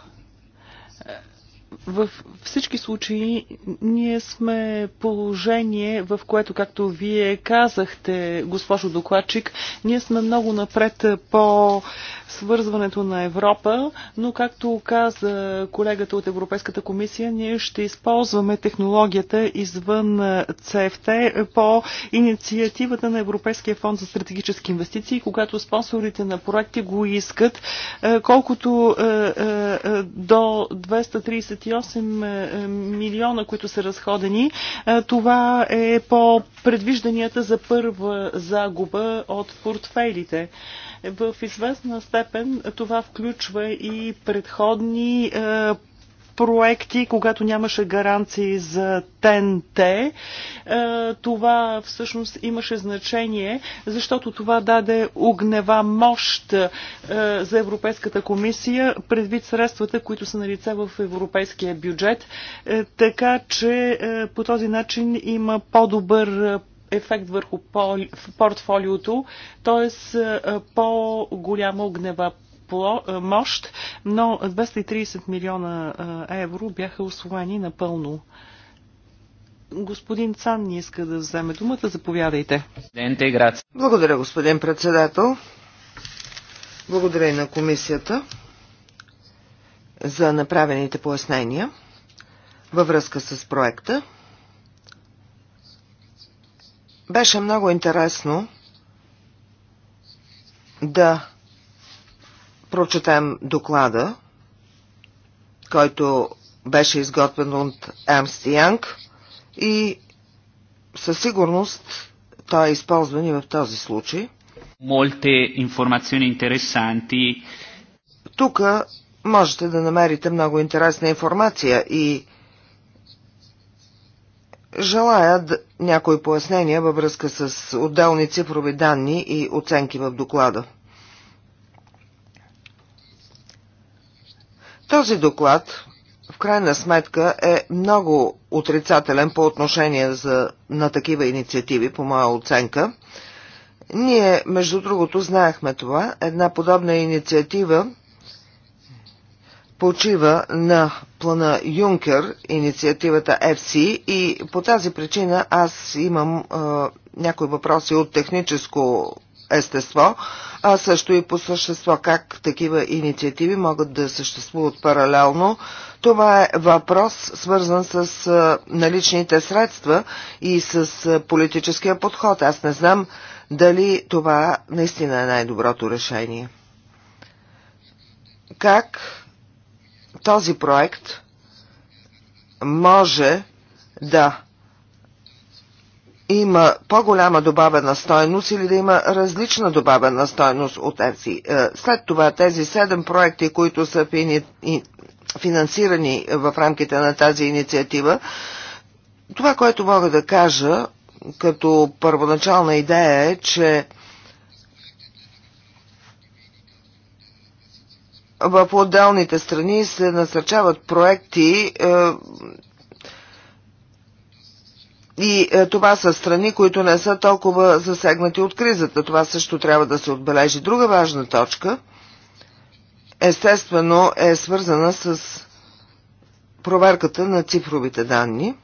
във всички случаи ние сме положение, в което, както вие казахте, госпожо докладчик, ние сме много напред по свързването на Европа, но както каза колегата от Европейската комисия, ние ще използваме технологията извън ЦФТ по инициативата на Европейския фонд за стратегически инвестиции, когато спонсорите на проекти го искат, е, колкото е, е, до 230 28 е, е, милиона, които са разходени. Е, това е по предвижданията за първа загуба от портфейлите. В известна степен това включва и предходни проекти, когато нямаше гаранции за ТНТ. Е, това всъщност имаше значение, защото това даде огнева мощ е, за Европейската комисия, предвид средствата, които са на лице в европейския бюджет. Е, така че по този начин има по-добър ефект върху портфолиото, т.е. по-голяма огнева мощ но 230 милиона евро бяха освоени напълно. Господин Цан не иска да вземе думата. Заповядайте. Благодаря, господин председател. Благодаря и на комисията за направените пояснения във връзка с проекта. Беше много интересно да прочетем доклада, който беше изготвен от Емст Янг и със сигурност той е използван и в този случай. Молте информационни интересанти. Тук можете да намерите много интересна информация и желая някои пояснения във връзка с отделни цифрови данни и оценки в доклада. Този доклад в крайна сметка е много отрицателен по отношение за, на такива инициативи, по моя оценка. Ние, между другото, знаехме това. Една подобна инициатива почива на плана Юнкер, инициативата FC и по тази причина аз имам е, някои въпроси от техническо естество, а също и по същество как такива инициативи могат да съществуват паралелно. Това е въпрос свързан с наличните средства и с политическия подход. Аз не знам дали това наистина е най-доброто решение. Как този проект може да има по-голяма добавена стойност или да има различна добавена стойност от тези. Е, след това тези седем проекти, които са финансирани в рамките на тази инициатива, това, което мога да кажа като първоначална идея е, че в отделните страни се насърчават проекти, е, и е, това са страни, които не са толкова засегнати от кризата. Това също трябва да се отбележи. Друга важна точка, естествено, е свързана с проверката на цифровите данни.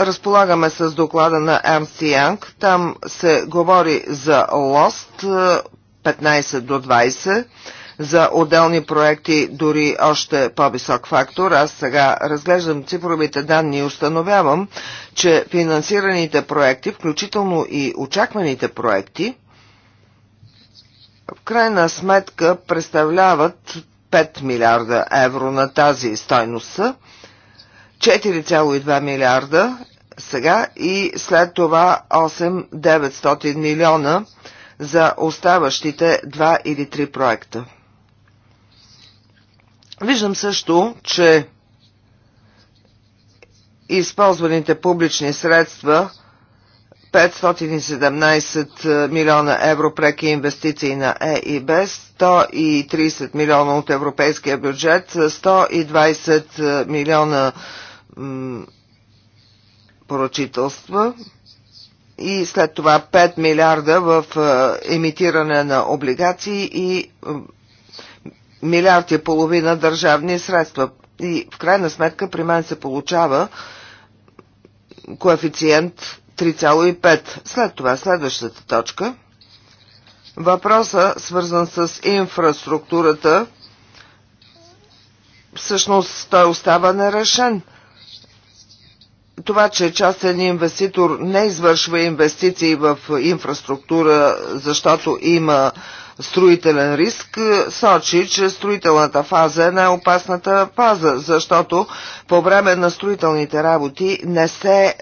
Разполагаме с доклада на Ernst Young. Там се говори за лост 15 е, до 20 за отделни проекти дори още по-висок фактор. Аз сега разглеждам цифровите данни и установявам, че финансираните проекти, включително и очакваните проекти, в крайна сметка представляват 5 милиарда евро на тази стойност 4,2 милиарда сега и след това 8-900 милиона за оставащите 2 или 3 проекта. Виждам също, че използваните публични средства 517 е, милиона евро преки инвестиции на ЕИБ, 130 милиона от европейския бюджет, 120 е, е, милиона поручителства и след това 5 милиарда в емитиране на облигации и милиард и половина държавни средства. И в крайна сметка при мен се получава коефициент 3,5. След това следващата точка. Въпроса, свързан с инфраструктурата, всъщност той остава нерешен. Това, че частен инвеститор не извършва инвестиции в инфраструктура, защото има строителен риск е, сочи, че строителната фаза е най-опасната фаза, защото по време на строителните работи не се е,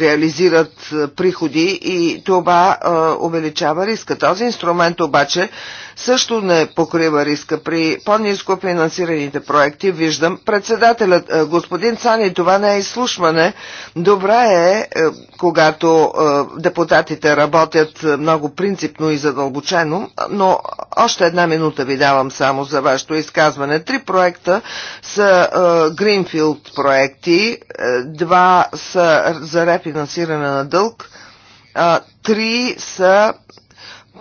реализират е, приходи и това увеличава риска. Този инструмент обаче също не покрива риска. При по-низко финансираните проекти виждам председателят е, господин Цани, това не е изслушване. Добре е, е когато е, депутатите работят много принципно и задълбочено, но още една минута ви давам само за вашето изказване. Три проекта са Гринфилд проекти, два са за рефинансиране на дълг, три са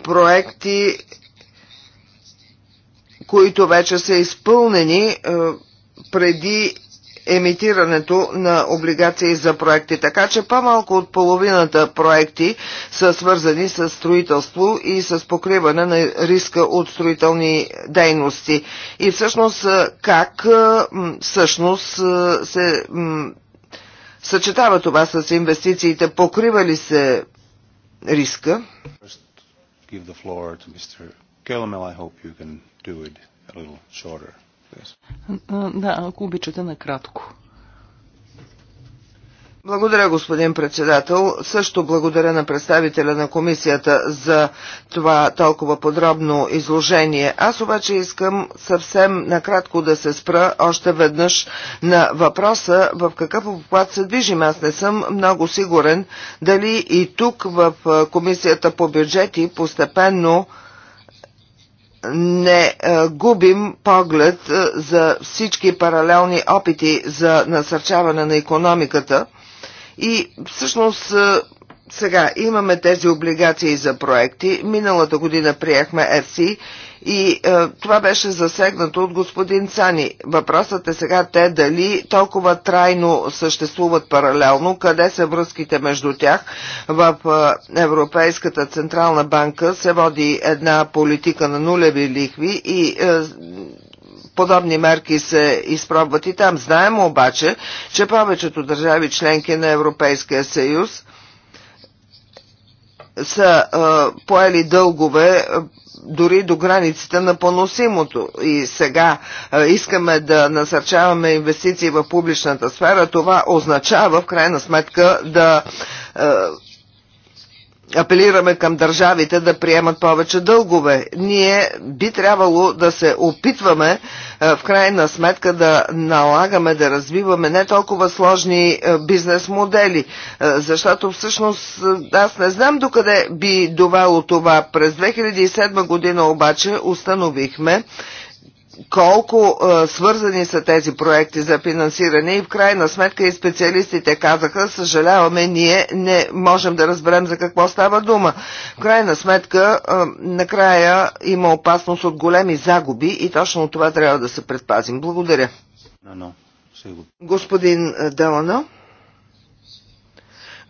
проекти които вече са изпълнени е, преди емитирането на облигации за проекти. Така че по-малко от половината проекти са свързани с строителство и с покриване на риска от строителни дейности. И всъщност е, как е, всъщност се съчетава това с инвестициите? Покрива ли се риска? do it a little shorter. Да, ако обичате накратко. Благодаря, господин председател. Също благодаря на представителя на комисията за това толкова подробно изложение. Аз обаче искам съвсем накратко да се спра още веднъж на въпроса в какъв обхват се движим. Аз не съм много сигурен дали и тук в комисията по бюджети постепенно не е, губим поглед е, за всички паралелни опити за насърчаване на економиката. И всъщност е, сега имаме тези облигации за проекти. Миналата година приехме FC и е, това беше засегнато от господин Цани. Въпросът е сега те дали толкова трайно съществуват паралелно, къде са връзките между тях. В е, Европейската Централна банка се води една политика на нулеви лихви и е, подобни мерки се изпробват и там. Знаем обаче, че повечето държави членки на Европейския съюз са е, поели дългове дори до границите на поносимото. И сега искаме да насърчаваме инвестиции в публичната сфера. Това означава в крайна сметка да апелираме към държавите да приемат повече дългове. Ние би трябвало да се опитваме е, в крайна сметка да налагаме, да развиваме не толкова сложни е, бизнес модели, е, защото всъщност аз не знам докъде би довело това. През 2007 година обаче установихме, колко а, е, свързани са тези проекти за финансиране и в крайна сметка и специалистите казаха, съжаляваме, ние не можем да разберем за какво става дума. В крайна сметка, а, е, накрая има опасност от големи загуби и точно от това трябва да се предпазим. Благодаря. No, no. Господин Делано.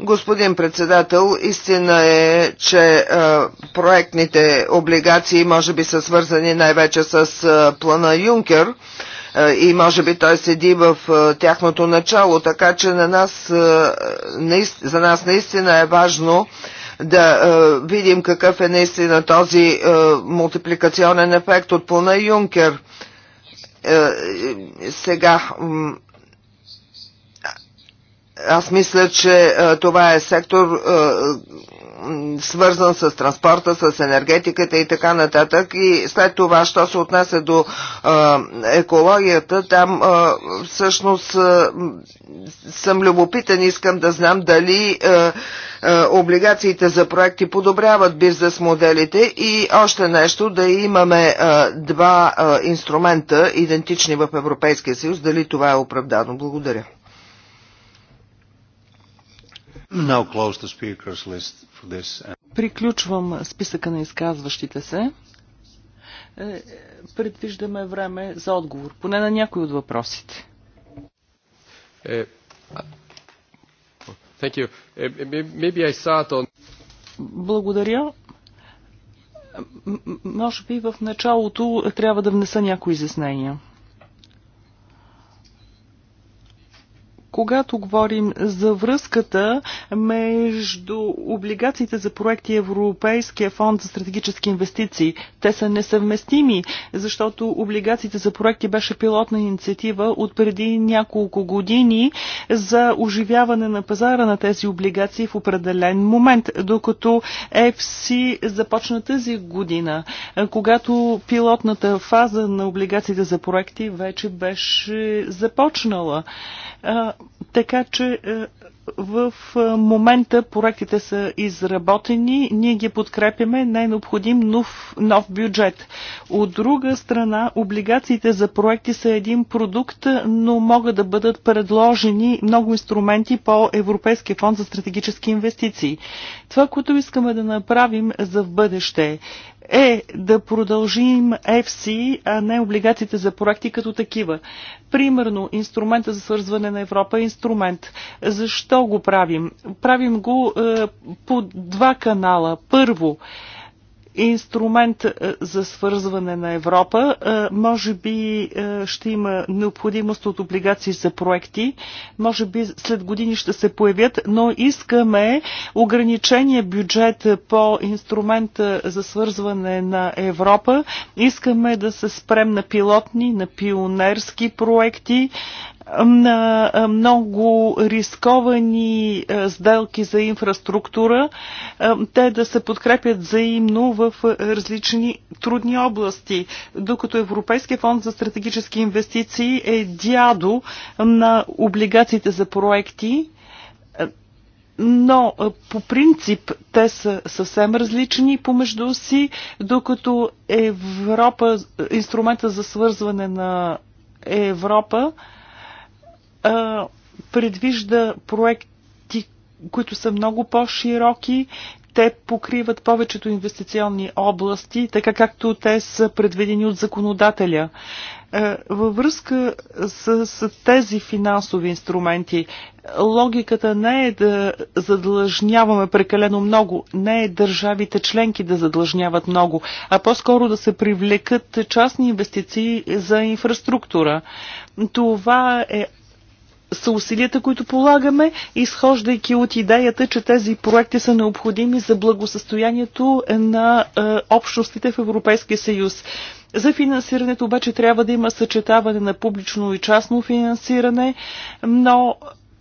Господин председател, истина е, че а, е, проектните облигации може би са свързани най-вече с а, е, плана Юнкер а, е, и може би той седи в а, тяхното начало, така че на нас, а, наист, за нас наистина е важно да а, видим какъв е наистина този а, мултипликационен ефект от плана Юнкер. А, сега аз мисля, че е, това е сектор е, свързан с транспорта, с енергетиката и така нататък. И след това, що се отнася до а, е, екологията, там а, всъщност а, съм любопитен, искам да знам дали а, а, облигациите за проекти подобряват бизнес моделите и още нещо, да имаме а, два а, инструмента идентични в Европейския съюз, дали това е оправдано. Благодаря. Now close the speakers list for this. Uh, Приключвам списъка на изказващите се. Е, предвиждаме време за отговор, поне на някои от въпросите. Е, thank you. Е, maybe I start on... Благодаря. Може би в началото трябва да внеса някои изяснения. когато говорим за връзката между облигациите за проекти Европейския фонд за стратегически инвестиции. Те са несъвместими, защото облигациите за проекти беше пилотна инициатива от преди няколко години за оживяване на пазара на тези облигации в определен момент, докато FC започна тази година, когато пилотната фаза на облигациите за проекти вече беше започнала. Така че е, в е, момента проектите са изработени, ние ги подкрепяме, не е необходим нов, нов бюджет. От друга страна, облигациите за проекти са един продукт, но могат да бъдат предложени много инструменти по Европейския фонд за стратегически инвестиции. Това, което искаме да направим за в бъдеще е да продължим FC, а не облигациите за проекти като такива. Примерно, инструмента за свързване на Европа е инструмент. Защо го правим? Правим го е, по два канала. Първо, е, инструмент е, за свързване на Европа. Е, може би е, ще има необходимост от облигации за проекти. Може би след години ще се появят, но искаме ограничения бюджет по инструмента за свързване на Европа. Искаме да се спрем на пилотни, на пионерски проекти, на много рисковани сделки за инфраструктура, те да се подкрепят взаимно в различни трудни области, докато Европейския фонд за стратегически инвестиции е дядо на облигациите за проекти, но по принцип те са съвсем различни помежду си, докато Европа, инструмента за свързване на Европа, предвижда проекти, които са много по-широки. Те покриват повечето инвестиционни области, така както те са предвидени от законодателя. Във връзка с, с тези финансови инструменти, логиката не е да задлъжняваме прекалено много, не е държавите членки да задлъжняват много, а по-скоро да се привлекат частни инвестиции за инфраструктура. Това е са усилията, които полагаме, изхождайки от идеята, че тези проекти са необходими за благосъстоянието на е, общностите в Европейския съюз. За финансирането обаче трябва да има съчетаване на публично и частно финансиране, но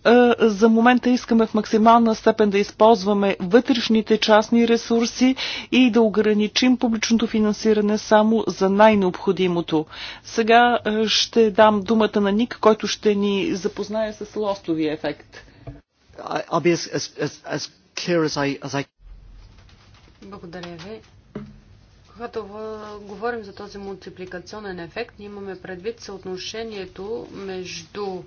е, за момента искаме в максимална степен да използваме вътрешните частни ресурси и да ограничим публичното финансиране само за най-необходимото. Сега е, ще дам думата на Ник, който ще ни запознае с лостовия ефект. Благодаря ви. Когато говорим за този мултипликационен ефект, ние имаме предвид съотношението между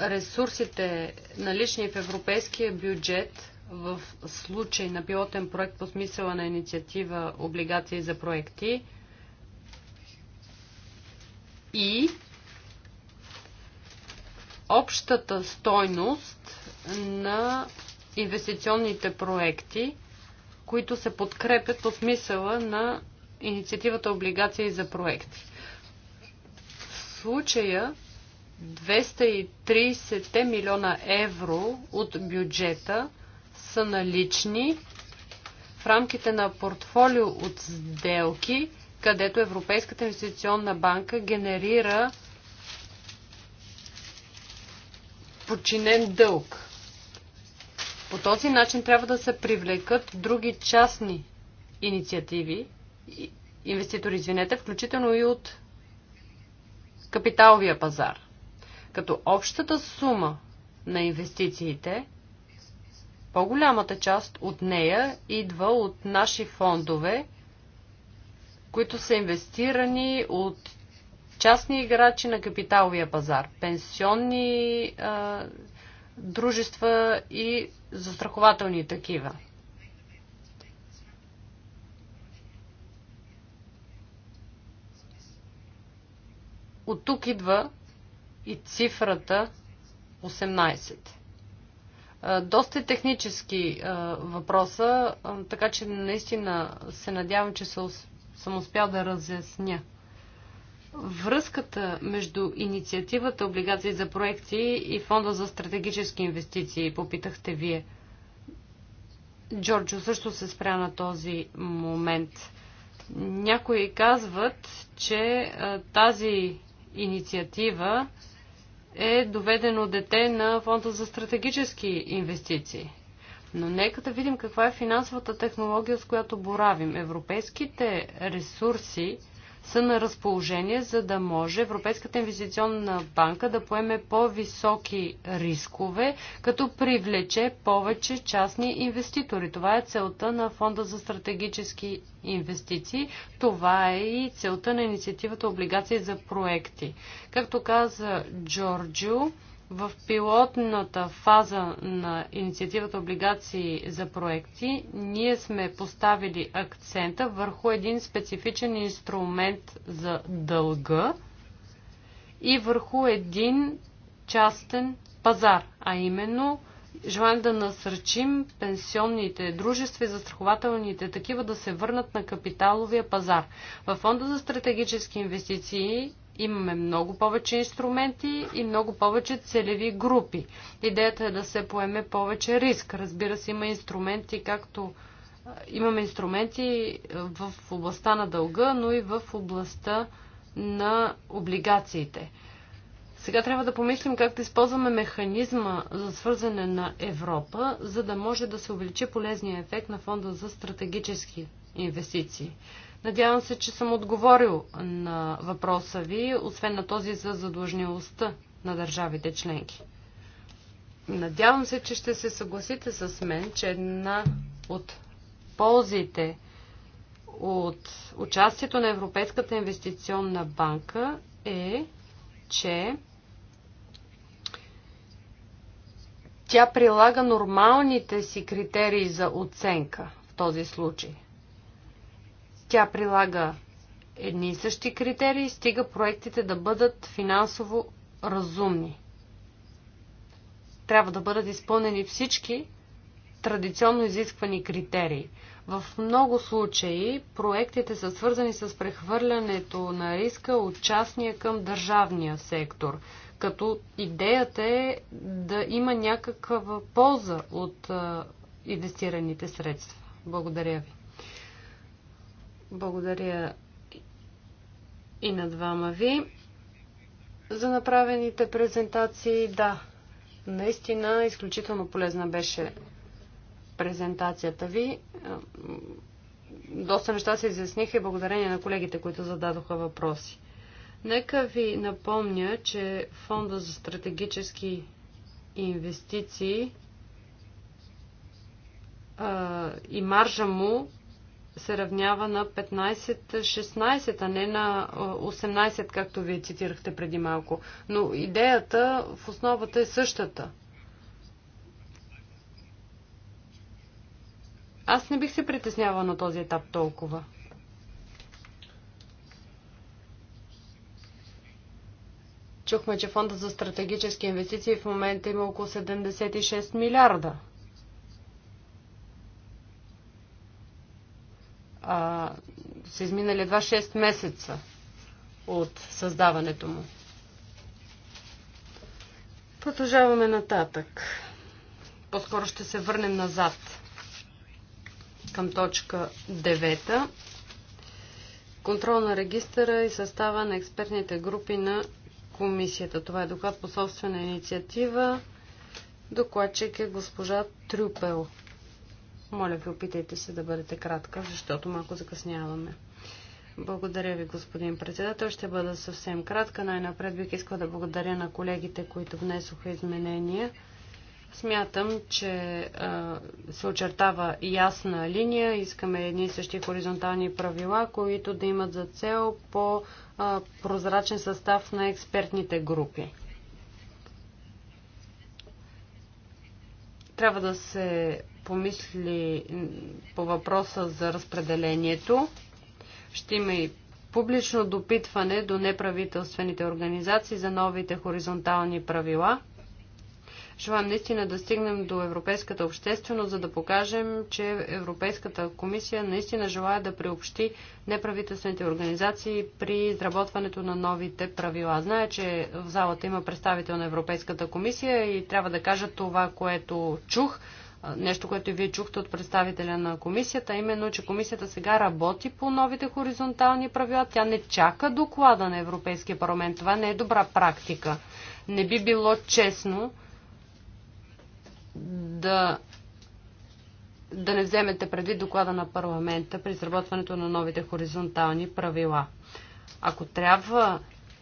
ресурсите налични в европейския бюджет в случай на пилотен проект по смисъла на инициатива облигации за проекти и общата стойност на инвестиционните проекти, които се подкрепят по смисъла на инициативата облигации за проекти. В случая 230 милиона евро от бюджета са налични в рамките на портфолио от сделки, където Европейската инвестиционна банка генерира подчинен дълг. По този начин трябва да се привлекат други частни инициативи, инвеститори, извинете, включително и от капиталовия пазар. Като общата сума на инвестициите, по-голямата част от нея идва от наши фондове, които са инвестирани от частни играчи на капиталовия пазар, пенсионни а, дружества и застрахователни такива. От тук идва и цифрата 18. Доста е технически въпроса, така че наистина се надявам, че съм успял да разясня връзката между инициативата облигации за проекти и фонда за стратегически инвестиции, попитахте вие. Джорджо също се спря на този момент. Някои казват, че тази инициатива е доведено дете на фонда за стратегически инвестиции. Но нека да видим каква е финансовата технология, с която боравим. Европейските ресурси са на разположение, за да може Европейската инвестиционна банка да поеме по-високи рискове, като привлече повече частни инвеститори. Това е целта на Фонда за стратегически инвестиции. Това е и целта на инициативата облигации за проекти. Както каза Джорджио, в пилотната фаза на инициативата облигации за проекти ние сме поставили акцента върху един специфичен инструмент за дълга и върху един частен пазар, а именно желаем да насърчим пенсионните дружества и застрахователните такива да се върнат на капиталовия пазар. В фонда за стратегически инвестиции Имаме много повече инструменти и много повече целеви групи. Идеята е да се поеме повече риск. Разбира се, има инструменти, както имаме инструменти в областта на дълга, но и в областта на облигациите. Сега трябва да помислим как да използваме механизма за свързане на Европа, за да може да се увеличи полезния ефект на фонда за стратегически инвестиции. Надявам се, че съм отговорил на въпроса ви, освен на този за задлъжнилостта на държавите членки. Надявам се, че ще се съгласите с мен, че една от ползите от участието на Европейската инвестиционна банка е, че тя прилага нормалните си критерии за оценка в този случай. Тя прилага едни и същи критерии, стига проектите да бъдат финансово разумни. Трябва да бъдат изпълнени всички традиционно изисквани критерии. В много случаи проектите са свързани с прехвърлянето на риска от частния към държавния сектор, като идеята е да има някаква полза от инвестираните средства. Благодаря ви. Благодаря и на двама ви за направените презентации. Да, наистина изключително полезна беше презентацията ви. Доста неща се изясниха и благодарение на колегите, които зададоха въпроси. Нека ви напомня, че Фонда за стратегически инвестиции и маржа му се равнява на 15-16, а не на 18, както вие цитирахте преди малко. Но идеята в основата е същата. Аз не бих се притеснявала на този етап толкова. Чухме, че фонда за стратегически инвестиции в момента има около 76 милиарда – а, са изминали едва 6 месеца от създаването му. Продължаваме нататък. По-скоро ще се върнем назад към точка 9. Контрол на регистъра и състава на експертните групи на комисията. Това е доклад по собствена инициатива. Докладчик е госпожа Трюпел. Моля ви, опитайте се да бъдете кратка, защото малко закъсняваме. Благодаря ви, господин председател. Ще бъда съвсем кратка. Най-напред бих искала да благодаря на колегите, които внесоха изменения. Смятам, че а, се очертава ясна линия. Искаме едни и същи хоризонтални правила, които да имат за цел по а, прозрачен състав на експертните групи. Трябва да се помисли по въпроса за разпределението. Ще има и публично допитване до неправителствените организации за новите хоризонтални правила. Желам наистина да стигнем до европейската общественост, за да покажем, че Европейската комисия наистина желая да приобщи неправителствените организации при изработването на новите правила. Зная, че в залата има представител на Европейската комисия и трябва да кажа това, което чух нещо, което и вие чухте от представителя на комисията, именно, че комисията сега работи по новите хоризонтални правила. Тя не чака доклада на Европейския парламент. Това не е добра практика. Не би било честно да, да не вземете преди доклада на парламента при изработването на новите хоризонтални правила. Ако трябва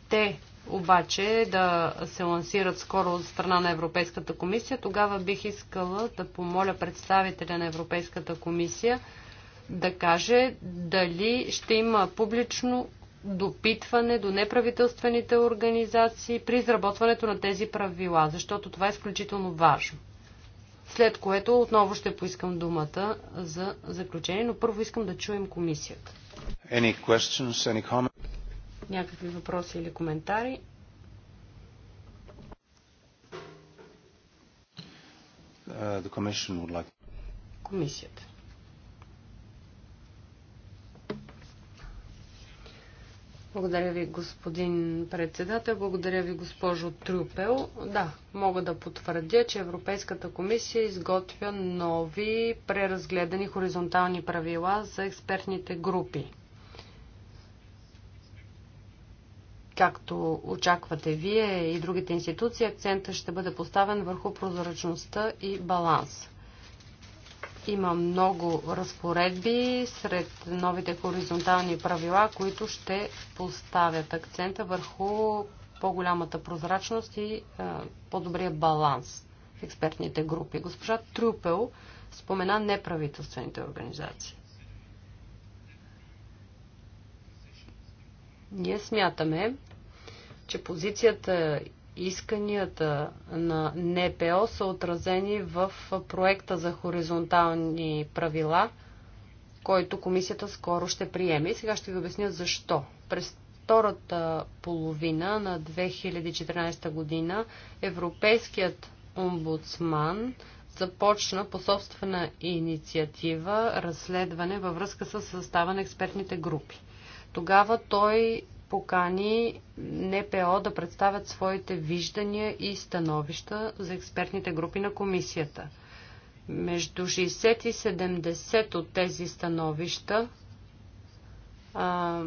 те обаче да се лансират скоро от страна на Европейската комисия, тогава бих искала да помоля представителя на Европейската комисия да каже дали ще има публично допитване до неправителствените организации при изработването на тези правила, защото това е изключително важно. След което отново ще поискам думата за заключение, но първо искам да чуем комисията. Any questions, any comments? някакви въпроси или коментари. Uh, like... Комисията. Благодаря ви, господин председател. Благодаря ви, госпожо Трюпел. Да, мога да потвърдя, че Европейската комисия изготвя нови преразгледани хоризонтални правила за експертните групи. Както очаквате вие и другите институции, акцента ще бъде поставен върху прозрачността и баланс. Има много разпоредби сред новите хоризонтални правила, които ще поставят акцента върху по-голямата прозрачност и по-добрия баланс в експертните групи. Госпожа Трюпел спомена неправителствените организации. Ние смятаме, че позицията исканията на НПО са отразени в проекта за хоризонтални правила, който комисията скоро ще приеме. И сега ще ви обясня защо. През втората половина на 2014 година Европейският омбудсман започна по собствена инициатива разследване във връзка с състава на експертните групи. Тогава той покани НПО да представят своите виждания и становища за експертните групи на комисията. Между 60 и 70 от тези становища а,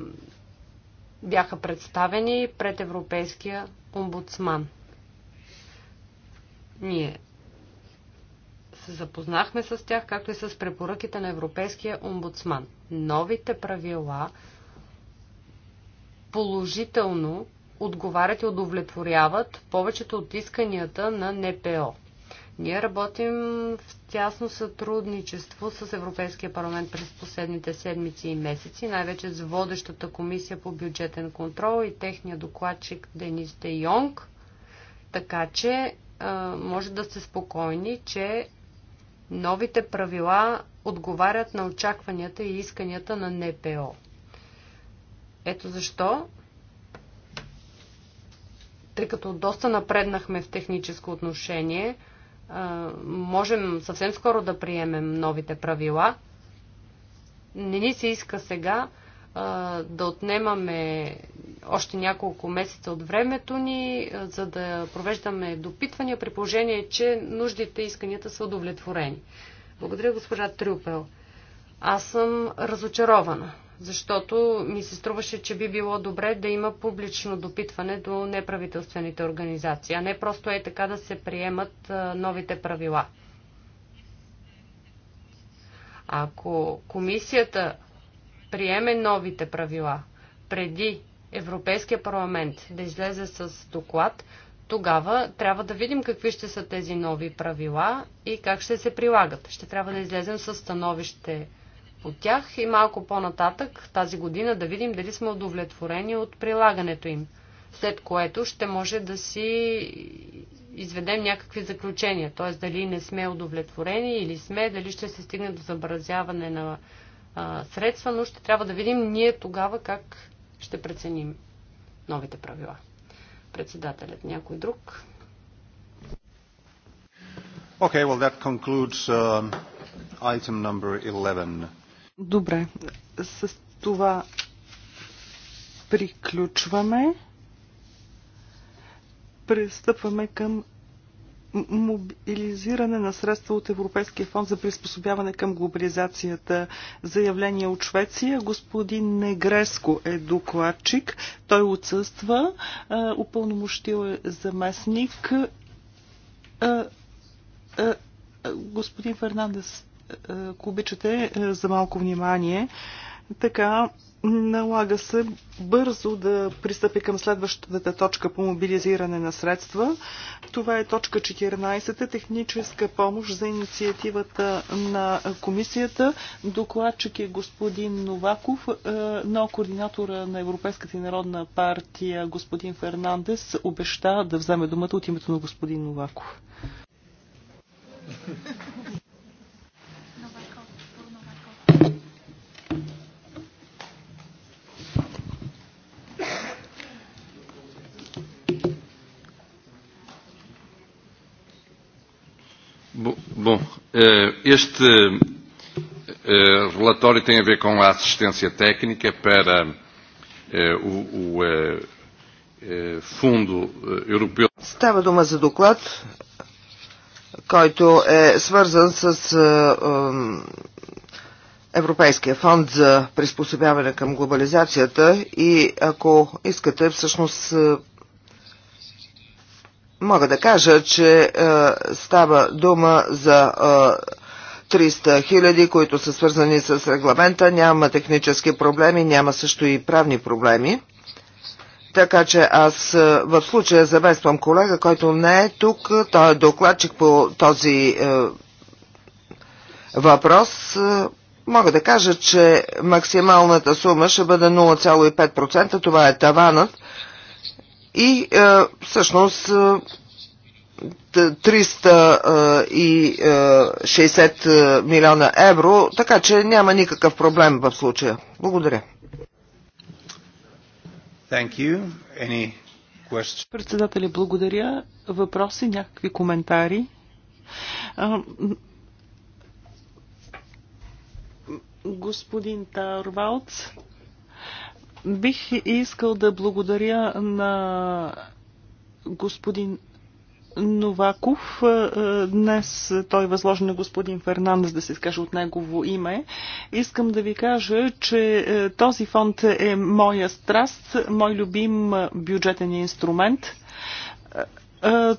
бяха представени пред Европейския омбудсман. Ние се запознахме с тях, както и с препоръките на Европейския омбудсман. Новите правила положително отговарят и удовлетворяват повечето от исканията на НПО. Ние работим в тясно сътрудничество с Европейския парламент през последните седмици и месеци, най-вече с водещата комисия по бюджетен контрол и техния докладчик Денис Де Йонг. Така че може да сте спокойни, че новите правила отговарят на очакванията и исканията на НПО. Ето защо, тъй като доста напреднахме в техническо отношение, можем съвсем скоро да приемем новите правила. Не ни се иска сега да отнемаме още няколко месеца от времето ни, за да провеждаме допитвания при положение, че нуждите и исканията са удовлетворени. Благодаря, госпожа Трюпел. Аз съм разочарована защото ми се струваше, че би било добре да има публично допитване до неправителствените организации, а не просто е така да се приемат новите правила. Ако комисията приеме новите правила преди Европейския парламент да излезе с доклад, тогава трябва да видим какви ще са тези нови правила и как ще се прилагат. Ще трябва да излезем с становище от тях и малко по-нататък тази година да видим дали сме удовлетворени от прилагането им, след което ще може да си изведем някакви заключения, т.е. дали не сме удовлетворени или сме, дали ще се стигне до забразяване на а, средства, но ще трябва да видим ние тогава как ще преценим новите правила. Председателят някой друг. Okay, well that concludes uh, item number 11. Добре, с това приключваме. Пристъпваме към мобилизиране на средства от Европейския фонд за приспособяване към глобализацията. Заявление от Швеция. Господин Негреско е докладчик. Той отсъства. Упълномощил е заместник. Господин Фернандес ако обичате, е, за малко внимание. Така, налага се бързо да пристъпи към следващата точка по мобилизиране на средства. Това е точка 14, техническа помощ за инициативата на комисията. Докладчик е господин Новаков, е, но координатора на Европейската и народна партия господин Фернандес обеща да вземе думата от името на господин Новаков. Bom, eh, este eh, relatório tem a ver com a assistência técnica para eh, o Fundo Europeu. Става дума за доклад, който е свързан с е, Европейския фонд за приспособяване към глобализацията и ако искате, всъщност е, мога да кажа, че е, става дума за 300 е, хиляди, които са свързани с регламента. Няма технически проблеми, няма също и правни проблеми. Така че аз е, в случая замествам колега, който не е тук. Той е докладчик по този е, въпрос. Мога да кажа, че максималната сума ще бъде 0,5%. Това е таванът и е, всъщност 360 е, е, милиона евро, така че няма никакъв проблем в случая. Благодаря. Председателя, благодаря. Въпроси, някакви коментари? Господин Тарвалц. Бих искал да благодаря на господин Новаков. Е, е, днес той възложи на господин Фернандес да се скаже от негово име. Искам да ви кажа, че е, този фонд е моя страст, мой любим бюджетен инструмент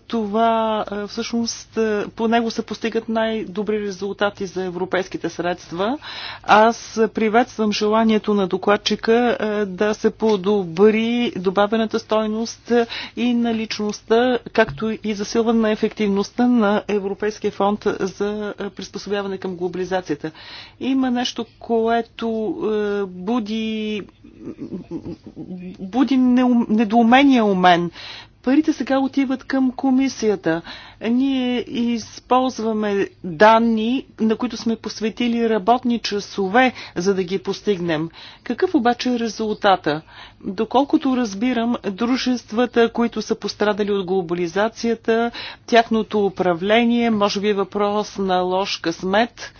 това всъщност по него се постигат най-добри резултати за европейските средства. Аз приветствам желанието на докладчика да се подобри добавената стойност и на личността, както и засилване на ефективността на Европейския фонд за приспособяване към глобализацията. Има нещо, което буди, буди недоумение у мен парите сега отиват към комисията. Ние използваме данни, на които сме посветили работни часове, за да ги постигнем. Какъв обаче е резултата? Доколкото разбирам, дружествата, които са пострадали от глобализацията, тяхното управление, може би е въпрос на лош късмет,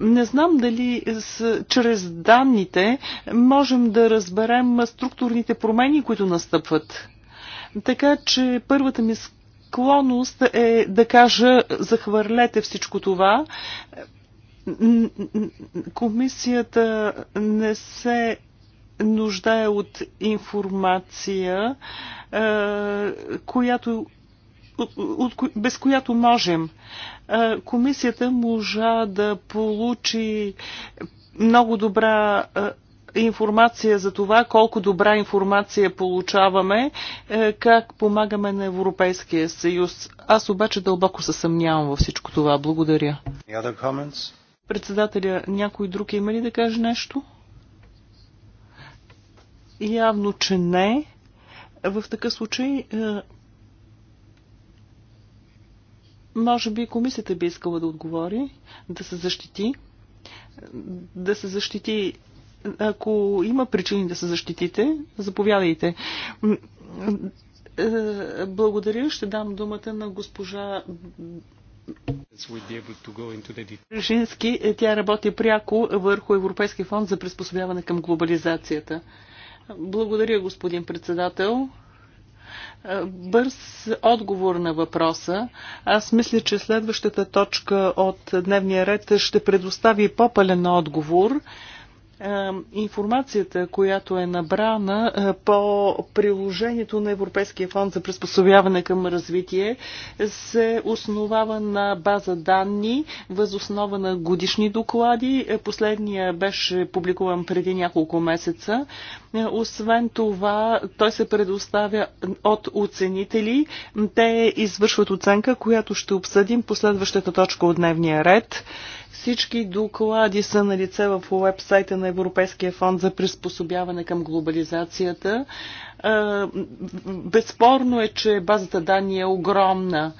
не знам дали с, чрез данните можем да разберем структурните промени, които настъпват. Така че първата ми склонност е да кажа захвърлете всичко това. Комисията не се нуждае от информация, е, която от, от, без която можем. Е, комисията можа да получи много добра е, информация за това колко добра информация получаваме, е, как помагаме на Европейския съюз. Аз обаче дълбоко се съмнявам във всичко това. Благодаря. Председателя, някой друг има ли да каже нещо? Явно, че не. В такъв случай, е, може би комисията би искала да отговори, да се защити, да се защити ако има причини да се защитите, заповядайте. Е, благодаря. Ще дам думата на госпожа Решински. Тя работи пряко върху Европейския фонд за приспособяване към глобализацията. Благодаря, господин председател. Е, бърз отговор на въпроса. Аз мисля, че следващата точка от дневния ред ще предостави по-пълен отговор. Е, информацията, която е набрана е, по приложението на Европейския фонд за приспособяване към развитие, се основава на база данни, възоснова на годишни доклади. Е, последния беше публикуван преди няколко месеца. Освен това, той се предоставя от оценители. Те извършват оценка, която ще обсъдим последващата точка от дневния ред. Всички доклади са на лице в уебсайта на Европейския фонд за приспособяване към глобализацията. Е, безспорно е, че базата данни е огромна.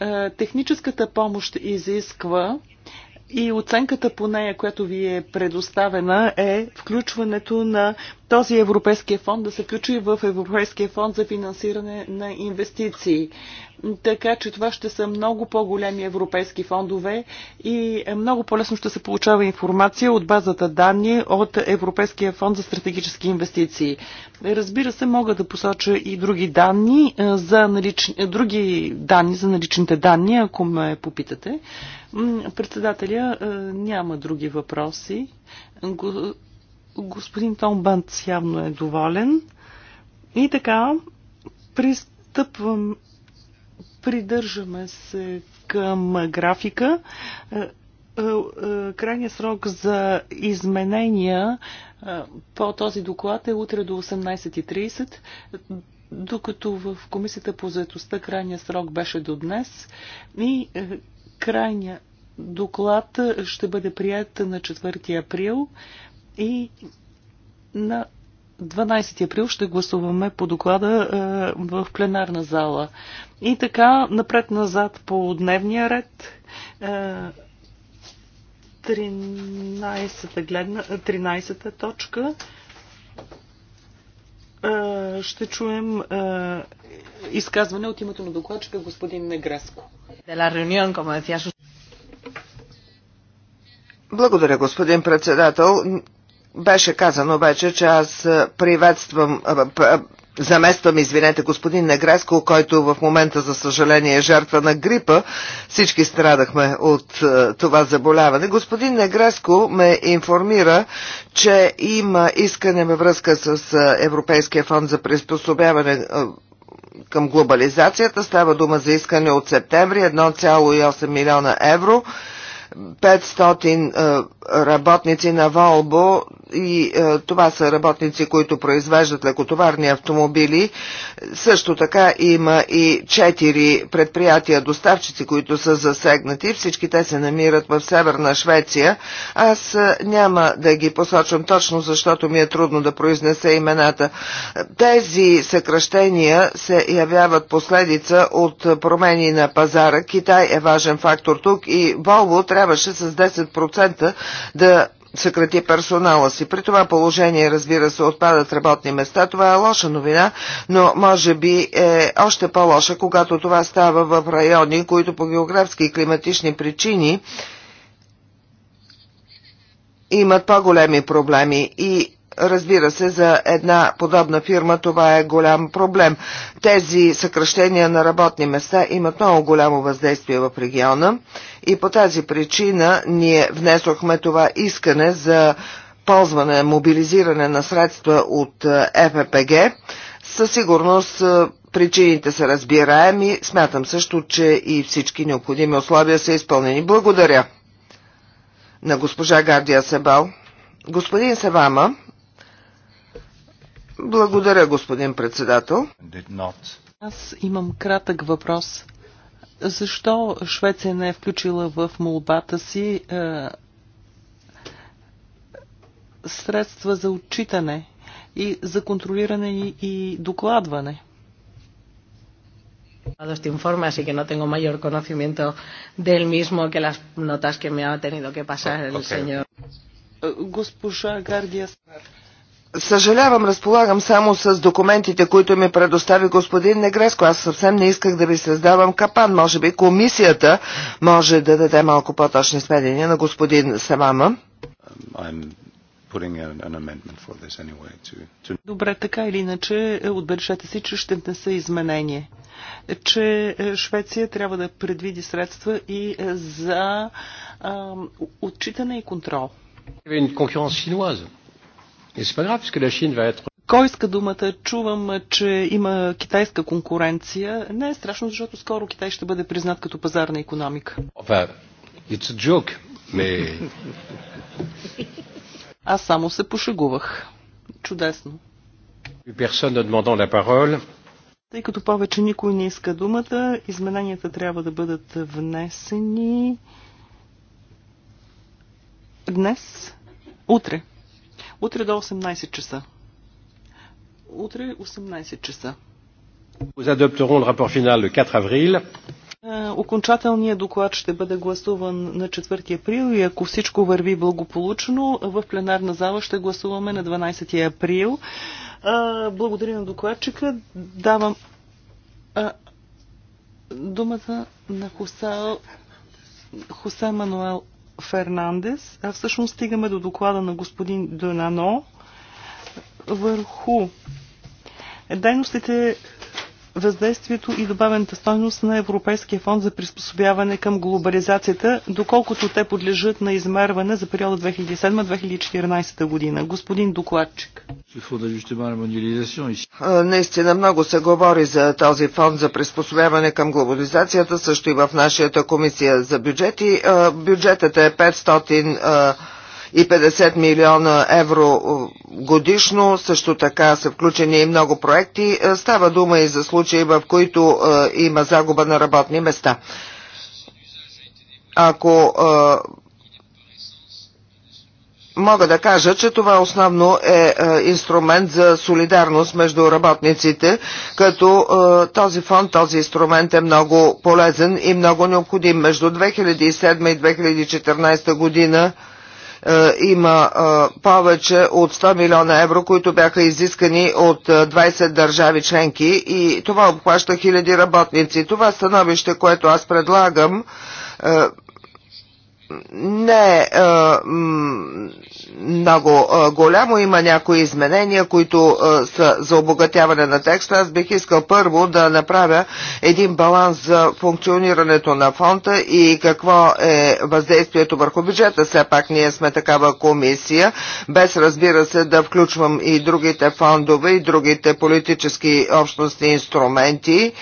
Е, техническата помощ изисква и оценката по нея, която ви е предоставена, е включването на този Европейския фонд да се включи в Европейския фонд за финансиране на инвестиции така че това ще са много по-големи европейски фондове и много по-лесно ще се получава информация от базата данни от Европейския фонд за стратегически инвестиции. Разбира се, мога да посоча и други данни е, за, налич... Е, други данни за наличните данни, ако ме попитате. Председателя е, няма други въпроси. Господин Том Банц явно е доволен. И така, пристъпвам Придържаме се към графика. Е, е, е, крайният срок за изменения по този доклад е утре до 18.30, докато в Комисията по заедостта крайният срок беше до днес и крайният доклад ще бъде прият на 4 април и на 12 април ще гласуваме по доклада е, в пленарна зала. И така, напред-назад по дневния ред. Е, 13-та, гледна, 13-та е, точка. Е, ще чуем е, изказване от името на докладчика господин Негреско. Благодаря, господин председател. Беше казано вече, че аз приветствам, замествам, извинете, господин Негреско, който в момента, за съжаление, е жертва на грипа. Всички страдахме от това заболяване. Господин Негреско ме информира, че има искане във връзка с Европейския фонд за приспособяване към глобализацията. Става дума за искане от септември 1,8 милиона евро. 500 е, работници на Волбо и е, това са работници, които произвеждат лекотоварни автомобили. Също така има и 4 предприятия доставчици, които са засегнати. Всички те се намират в Северна Швеция. Аз е, няма да ги посочвам точно, защото ми е трудно да произнеса имената. Тези съкръщения се явяват последица от промени на пазара. Китай е важен фактор тук и Волбо трябва трябваше с 10% да съкрати персонала си. При това положение, разбира се, отпадат работни места. Това е лоша новина, но може би е още по-лоша, когато това става в райони, които по географски и климатични причини имат по-големи проблеми и Разбира се, за една подобна фирма това е голям проблем. Тези съкръщения на работни места имат много голямо въздействие в региона и по тази причина ние внесохме това искане за ползване, мобилизиране на средства от е, ФПГ. Е Със сигурност е, причините са разбираеми. Смятам също, че и всички необходими условия са изпълнени. Благодаря на госпожа Гардия Себал. Господин Савама, благодаря, господин председател. Аз имам кратък въпрос. Защо Швеция не е включила в молбата си е, средства за отчитане и за контролиране и, и докладване? este informe, así que no tengo mayor conocimiento del mismo que las notas que me ha tenido que pasar el okay. señor. Госпожа Гардия Смарт. Съжалявам, разполагам само с документите, които ми предостави господин Негреско. Аз съвсем не исках да ви създавам капан. Може би комисията може да даде малко по-точни сведения на господин Самама. Добре, така или иначе, е, отбележете си, че ще са изменение. Е, че е, Швеция трябва да предвиди средства и за а, отчитане и контрол. Une concurrence chinoise. Кой иска думата? Чувам, че има китайска конкуренция. Не е страшно, защото скоро Китай ще бъде признат като пазарна економика. It's a joke, Аз само се пошегувах. Чудесно. Тъй като повече никой не иска думата, измененията трябва да бъдат внесени днес, утре. Утре до 18 часа. Утре 18 часа. Nous adopterons le rapport final le 4 avril. Е, окончателният доклад ще бъде гласуван на 4 април и ако всичко върви благополучно, в пленарна зала ще гласуваме на 12 април. Е, благодаря на докладчика. Давам е, думата на Хосе Хуса Мануел Фернандес, а всъщност стигаме до доклада на господин Донано върху е, дейностите въздействието и добавената стойност на Европейския фонд за приспособяване към глобализацията, доколкото те подлежат на измерване за периода 2007-2014 година. Господин докладчик. Наистина много се говори за този фонд за приспособяване към глобализацията, също и в нашата комисия за бюджети. Бюджетът е 500 и 50 милиона евро е, годишно. Също така са включени и много проекти. Е, става дума и за случаи, в които е, има загуба на работни места. Ако мога да кажа, че това основно е инструмент за солидарност между работниците, като този фонд, този инструмент е много полезен и много необходим. Между 2007 и 2014 година е, има е, повече от 100 милиона евро, които бяха изискани от 20 е, държави членки и това обхваща хиляди работници. Това становище, което аз предлагам, не е, е много е, голямо. Има някои изменения, които е, са за обогатяване на текста. Аз бих искал първо да направя един баланс за функционирането на фонда и какво е въздействието върху бюджета. Все пак ние сме такава комисия, без разбира се да включвам и другите фондове и другите политически общностни инструменти,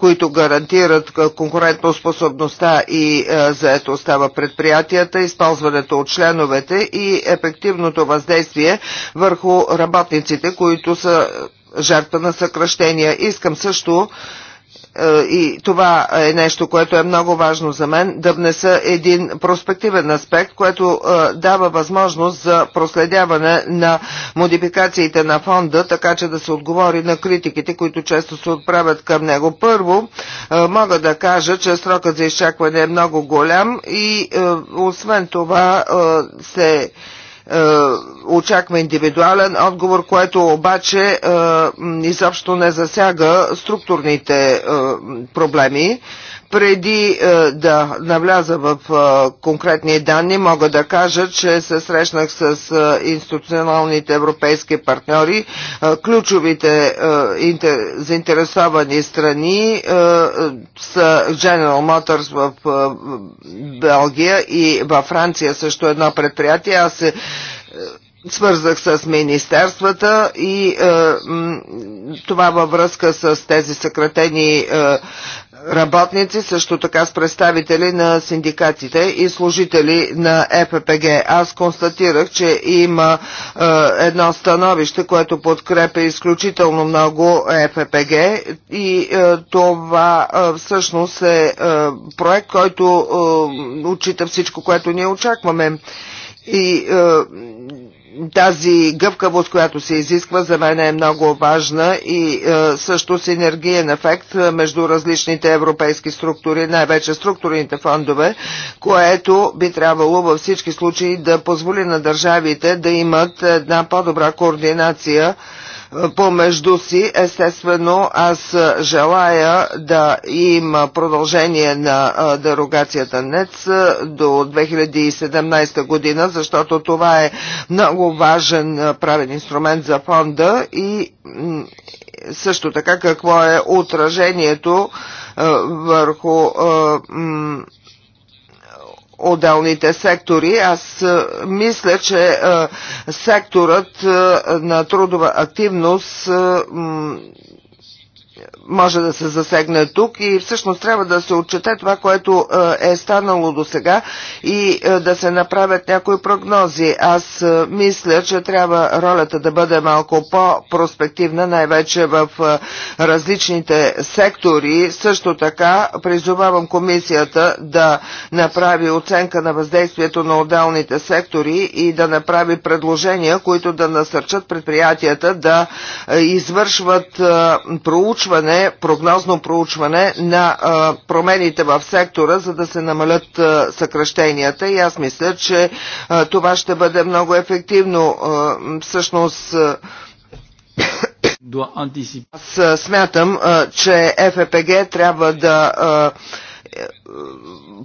които гарантират конкурентоспособността и е, което остава предприятията, използването от членовете и ефективното въздействие върху работниците, които са жертва на съкръщения. Искам също е, и това е нещо, което е много важно за мен, да внеса един проспективен аспект, което е, дава възможност за проследяване на модификациите на фонда, така че да се отговори на критиките, които често се отправят към него. Първо, е, мога да кажа, че срокът за изчакване е много голям и освен това се е, очаква индивидуален отговор, което обаче е, изобщо не засяга структурните е, проблеми. Преди е, да навляза в е, конкретни данни, мога да кажа, че се срещнах с е, институционалните европейски партньори, е, ключовите е, интер, заинтересовани страни е, са General Motors в е, Белгия и във Франция също едно предприятие. Аз се е, свързах с министерствата и е, това във връзка с тези съкратени е, работници, също така с представители на синдикатите и служители на ЕППГ. Аз констатирах, че има е, едно становище, което подкрепя изключително много ЕППГ и е, това е, всъщност е, е проект, който е, учита всичко, което ние очакваме. И е, тази гъвкавост, която се изисква, за мен е много важна и е, също синергиен ефект е, между различните европейски структури, най-вече структурните фондове, което би трябвало във всички случаи да позволи на държавите да имат една по-добра координация помежду си. Естествено, аз желая да има продължение на дерогацията НЕЦ до 2017 година, защото това е много важен правен инструмент за фонда и също така какво е отражението върху отделните сектори. Аз е, мисля, че е, секторът е, на трудова активност може да се засегне тук и всъщност трябва да се отчете това, което е, е станало до сега и е, да се направят някои прогнози. Аз е, мисля, че трябва ролята да бъде малко по-проспективна, най-вече в различните сектори. Също така призовавам комисията да направи оценка на въздействието на отделните сектори и да направи предложения, които да насърчат предприятията да извършват проучване проучване, прогнозно проучване на промените в сектора, за да се намалят съкръщенията и аз мисля, че това ще бъде много ефективно. Всъщност аз смятам, че ФПГ трябва да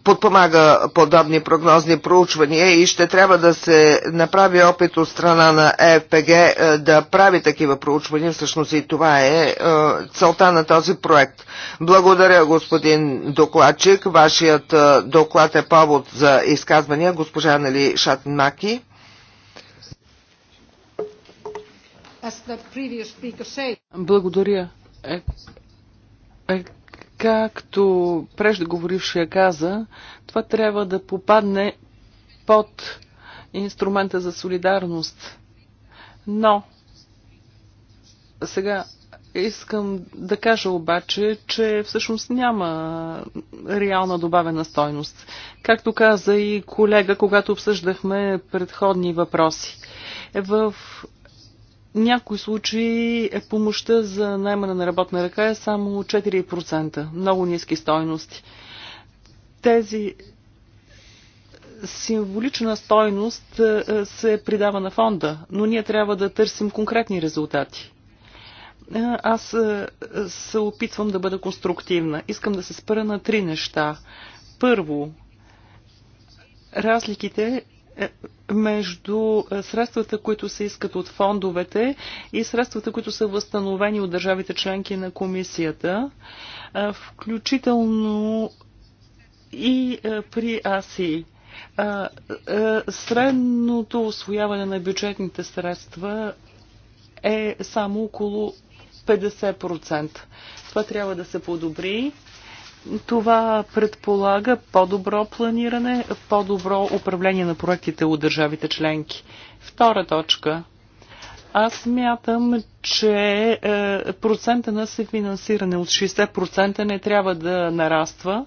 подпомага подобни прогнозни проучвания и ще трябва да се направи опит от страна на ЕФПГ е, да прави такива проучвания. Всъщност и това е, е целта на този проект. Благодаря, господин докладчик. Вашият е, доклад е повод за изказвания. Госпожа Нали Шатнаки. Благодаря. Както преждеговорившия каза, това трябва да попадне под инструмента за солидарност. Но сега искам да кажа обаче, че всъщност няма реална добавена стойност. Както каза и колега, когато обсъждахме предходни въпроси. В някои случаи е помощта за наймане на работна ръка е само 4%, много ниски стойности. Тези символична стойност е, е, се придава на фонда, но ние трябва да търсим конкретни резултати. Аз се опитвам да бъда конструктивна. Искам да се спра на три неща. Първо, разликите между е, средствата, които се искат от фондовете и средствата, които са възстановени от държавите членки на комисията, е, включително и е, при АСИ. Средното освояване на бюджетните средства е само около 50%. Това трябва да се подобри. Това предполага по-добро планиране, по-добро управление на проектите от държавите членки. Втора точка. Аз мятам, че е, процента на съфинансиране от 60% не трябва да нараства.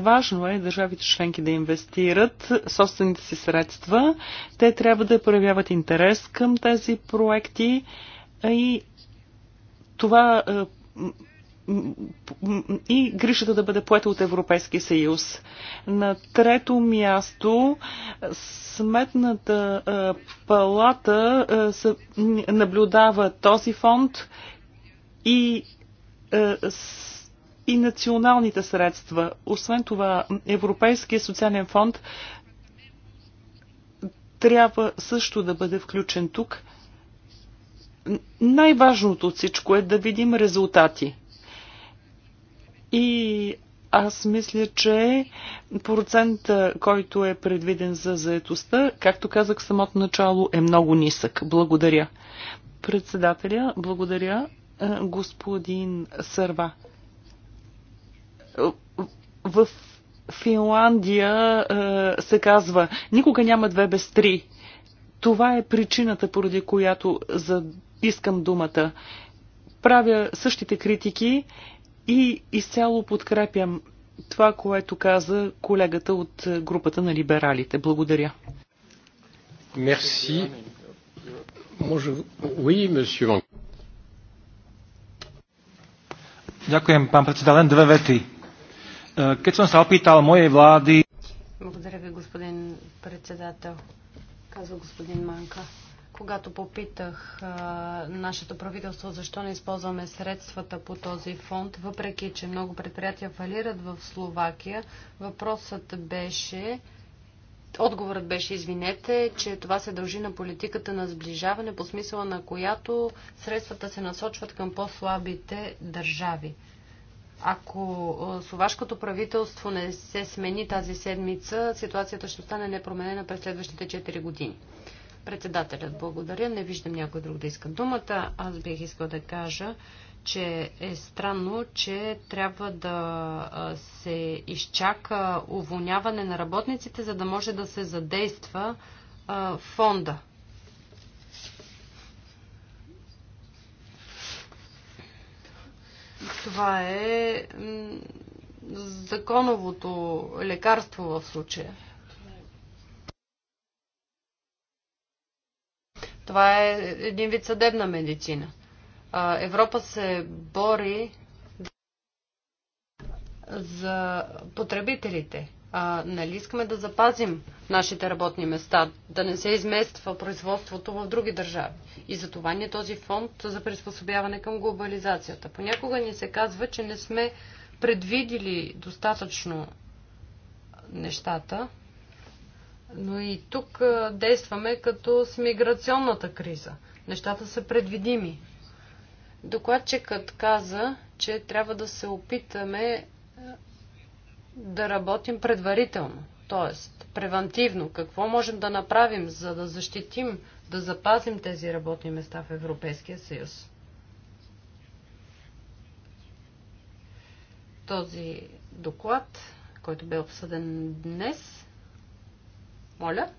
Важно е държавите членки да инвестират собствените си средства. Те трябва да проявяват интерес към тези проекти и това е, и грижата да бъде поета от Европейския съюз. На трето място Сметната палата наблюдава този фонд и и националните средства. Освен това, Европейския социален фонд трябва също да бъде включен тук. Най-важното от всичко е да видим резултати. И аз мисля, че процента, който е предвиден за заетостта, както казах в самото начало, е много нисък. Благодаря. Председателя, благодаря. Е, господин Сърва. В Финландия е, се казва никога няма две без три. Това е причината, поради която искам думата. Правя същите критики и изцяло подкрепям това, което каза колегата от групата на либералите. Благодаря. Мерси. Може... Oui, monsieur. Дякуем, пан председател. Две вети. Къде съм се опитал opýtal влади... Благодаря ви, господин председател, казва господин Манка когато попитах а, нашето правителство защо не използваме средствата по този фонд, въпреки че много предприятия фалират в Словакия, въпросът беше. Отговорът беше, извинете, че това се дължи на политиката на сближаване, по смисъла на която средствата се насочват към по-слабите държави. Ако словашкото правителство не се смени тази седмица, ситуацията ще остане непроменена през следващите 4 години. Председателят, благодаря. Не виждам някой друг да иска думата. Аз бих искал да кажа, че е странно, че трябва да се изчака уволняване на работниците, за да може да се задейства фонда. Това е законовото лекарство в случая. Това е един вид съдебна медицина. Европа се бори за потребителите. А, нали искаме да запазим нашите работни места, да не се измества производството в други държави. И за това ни е този фонд за приспособяване към глобализацията. Понякога ни се казва, че не сме предвидили достатъчно нещата, но и тук действаме като с миграционната криза. Нещата са предвидими. Докладчикът каза, че трябва да се опитаме да работим предварително, т.е. превантивно. Какво можем да направим, за да защитим, да запазим тези работни места в Европейския съюз? Този доклад, който бе обсъден днес, моля?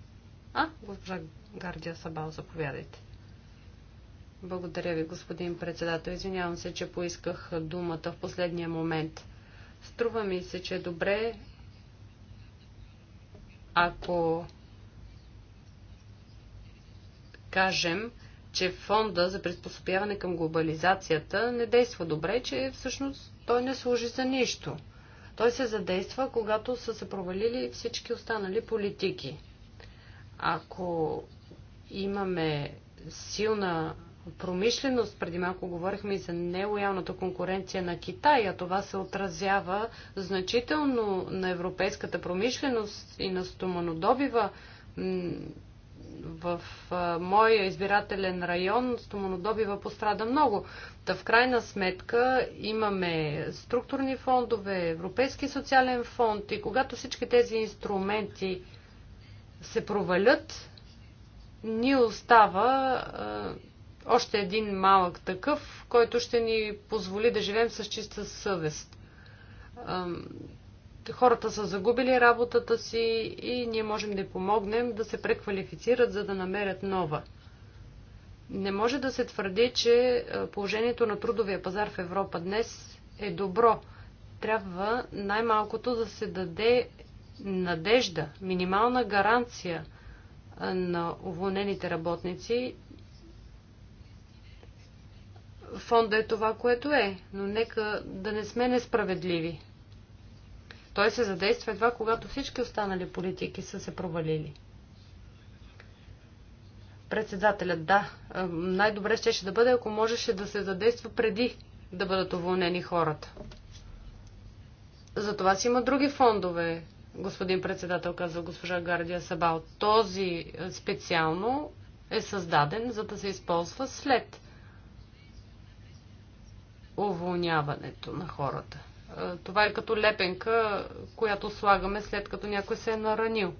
А, госпожа Гардия Сабал, заповядайте. Благодаря ви, господин председател. Извинявам се, че поисках думата в последния момент. Струва ми се, че е добре, ако кажем, че фонда за приспособяване към глобализацията не действа добре, че всъщност той не служи за нищо. Той се задейства, когато са се провалили всички останали политики. Ако имаме силна промишленост, преди малко говорихме и за нелоялната конкуренция на Китай, а това се отразява значително на европейската промишленост и на стоманодобива. В моя избирателен район стоманодобива пострада много. Та в крайна сметка имаме структурни фондове, Европейски социален фонд и когато всички тези инструменти се провалят, ни остава а, още един малък такъв, който ще ни позволи да живеем с чиста съвест. А, хората са загубили работата си и ние можем да помогнем да се преквалифицират, за да намерят нова. Не може да се твърди, че положението на трудовия пазар в Европа днес е добро. Трябва най-малкото да се даде надежда, минимална гаранция на уволнените работници, фонда е това, което е. Но нека да не сме несправедливи. Той се задейства едва, когато всички останали политики са се провалили. Председателят, да, най-добре щеше да бъде, ако можеше да се задейства преди да бъдат уволнени хората. За това си има други фондове господин председател, каза госпожа Гардия Сабал. Този специално е създаден, за да се използва след уволняването на хората. Това е като лепенка, която слагаме след като някой се е наранил.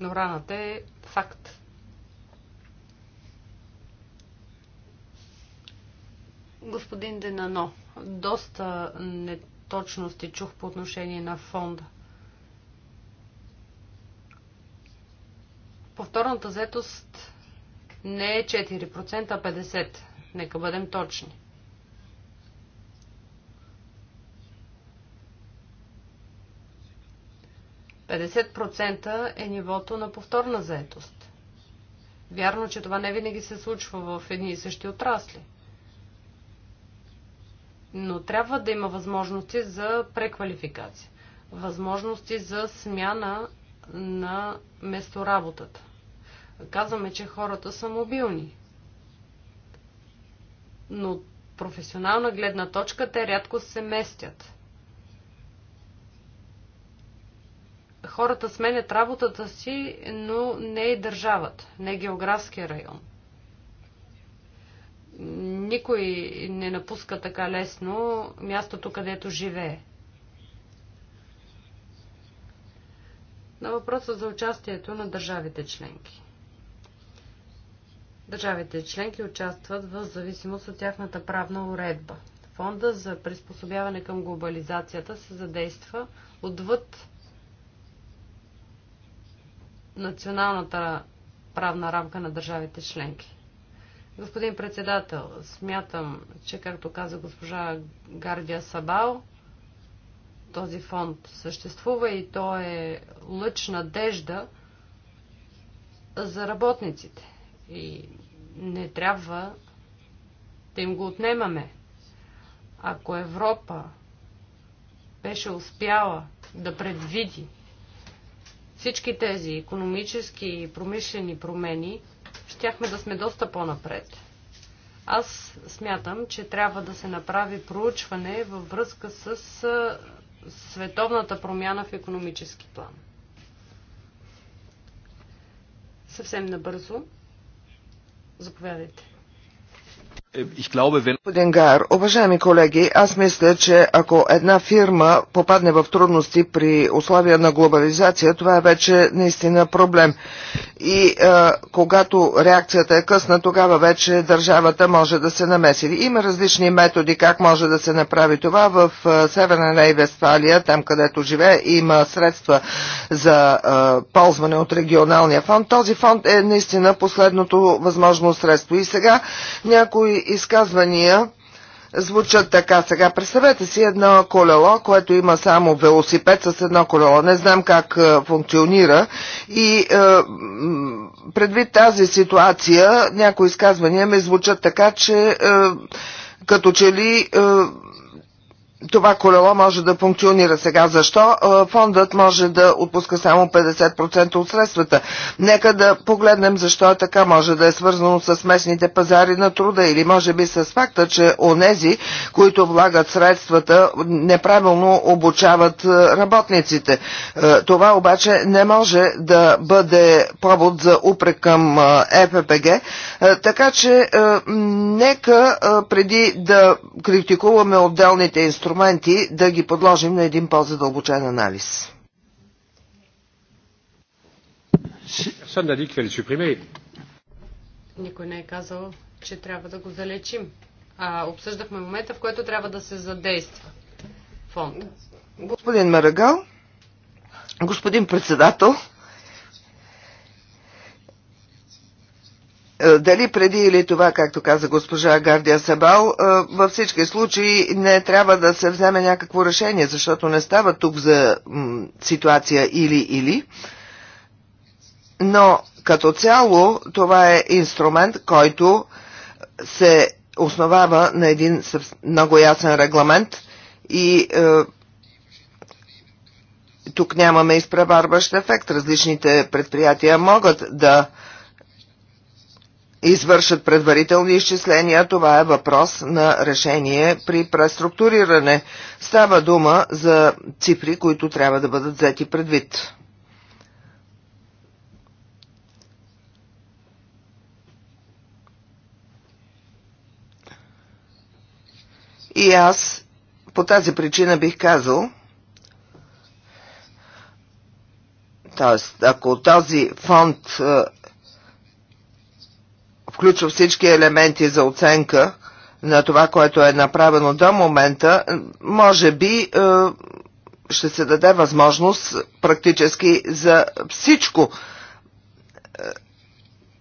Но раната е факт. Господин Денано, доста не точности чух по отношение на фонда. Повторната заетост не е 4%, а 50%. Нека бъдем точни. е нивото на повторна заетост. Вярно, че това не винаги се случва в едни и същи отрасли но трябва да има възможности за преквалификация, възможности за смяна на местоработата. Казваме, че хората са мобилни, но от професионална гледна точка те рядко се местят. Хората сменят работата си, но не и държавата, не географския район никой не напуска така лесно мястото, където живее. На въпроса за участието на държавите членки. Държавите членки участват в зависимост от тяхната правна уредба. Фонда за приспособяване към глобализацията се задейства отвъд националната правна рамка на държавите членки. Господин председател, смятам, че както каза госпожа Гардия Сабал, този фонд съществува и то е лъч надежда за работниците. И не трябва да им го отнемаме. Ако Европа беше успяла да предвиди всички тези економически и промишлени промени, щяхме да сме доста по-напред. Аз смятам, че трябва да се направи проучване във връзка с световната промяна в економически план. Съвсем набързо. Заповядайте. Е, Господин Гар, уважаеми колеги, аз мисля, че ако една фирма попадне в трудности при условия на глобализация, това е вече наистина проблем. И а, е, когато реакцията е късна, тогава вече държавата може да се намеси. Има различни методи как може да се направи това. В е, Северна Лей Вестфалия, там където живее, има средства за а, ползване от регионалния фонд. Този фонд е наистина последното възможно средство. И сега някои изказвания звучат така. Сега представете си едно колело, което има само велосипед с едно колело. Не знам как е, функционира. И е, предвид тази ситуация, някои изказвания ми звучат така, че е, като че ли е, това колело може да функционира сега. Защо е, фондът може да отпуска само 50% от средствата? Нека да погледнем защо е така. Може да е свързано с местните пазари на труда или може би с факта, че онези, които влагат средствата, неправилно обучават е, работниците. Е, това обаче не може да бъде повод за упрек към ФПГ. Така че нека преди да критикуваме отделните инструменти, инструменти да ги подложим на един по-задълбочен анализ. Никой не е казал, че трябва да го залечим. А обсъждахме момента, в който трябва да се задейства фонд. Господин Марагал, господин председател, Е, дали преди или това, както каза госпожа Гардия Сабал, е, във всички случаи не трябва да се вземе някакво решение, защото не става тук за ситуация или-или. Но като цяло това е инструмент, който се основава на един много ясен регламент и е, тук нямаме изпреварващ ефект. Различните предприятия могат да е, извършат предварителни изчисления, това е въпрос на решение при преструктуриране. Става дума за цифри, които трябва да бъдат взети предвид. И аз по тази причина бих казал, т.е. ако този фонд е, включва всички елементи за оценка на това, което е направено до момента, може би е, ще се даде възможност практически за всичко, е,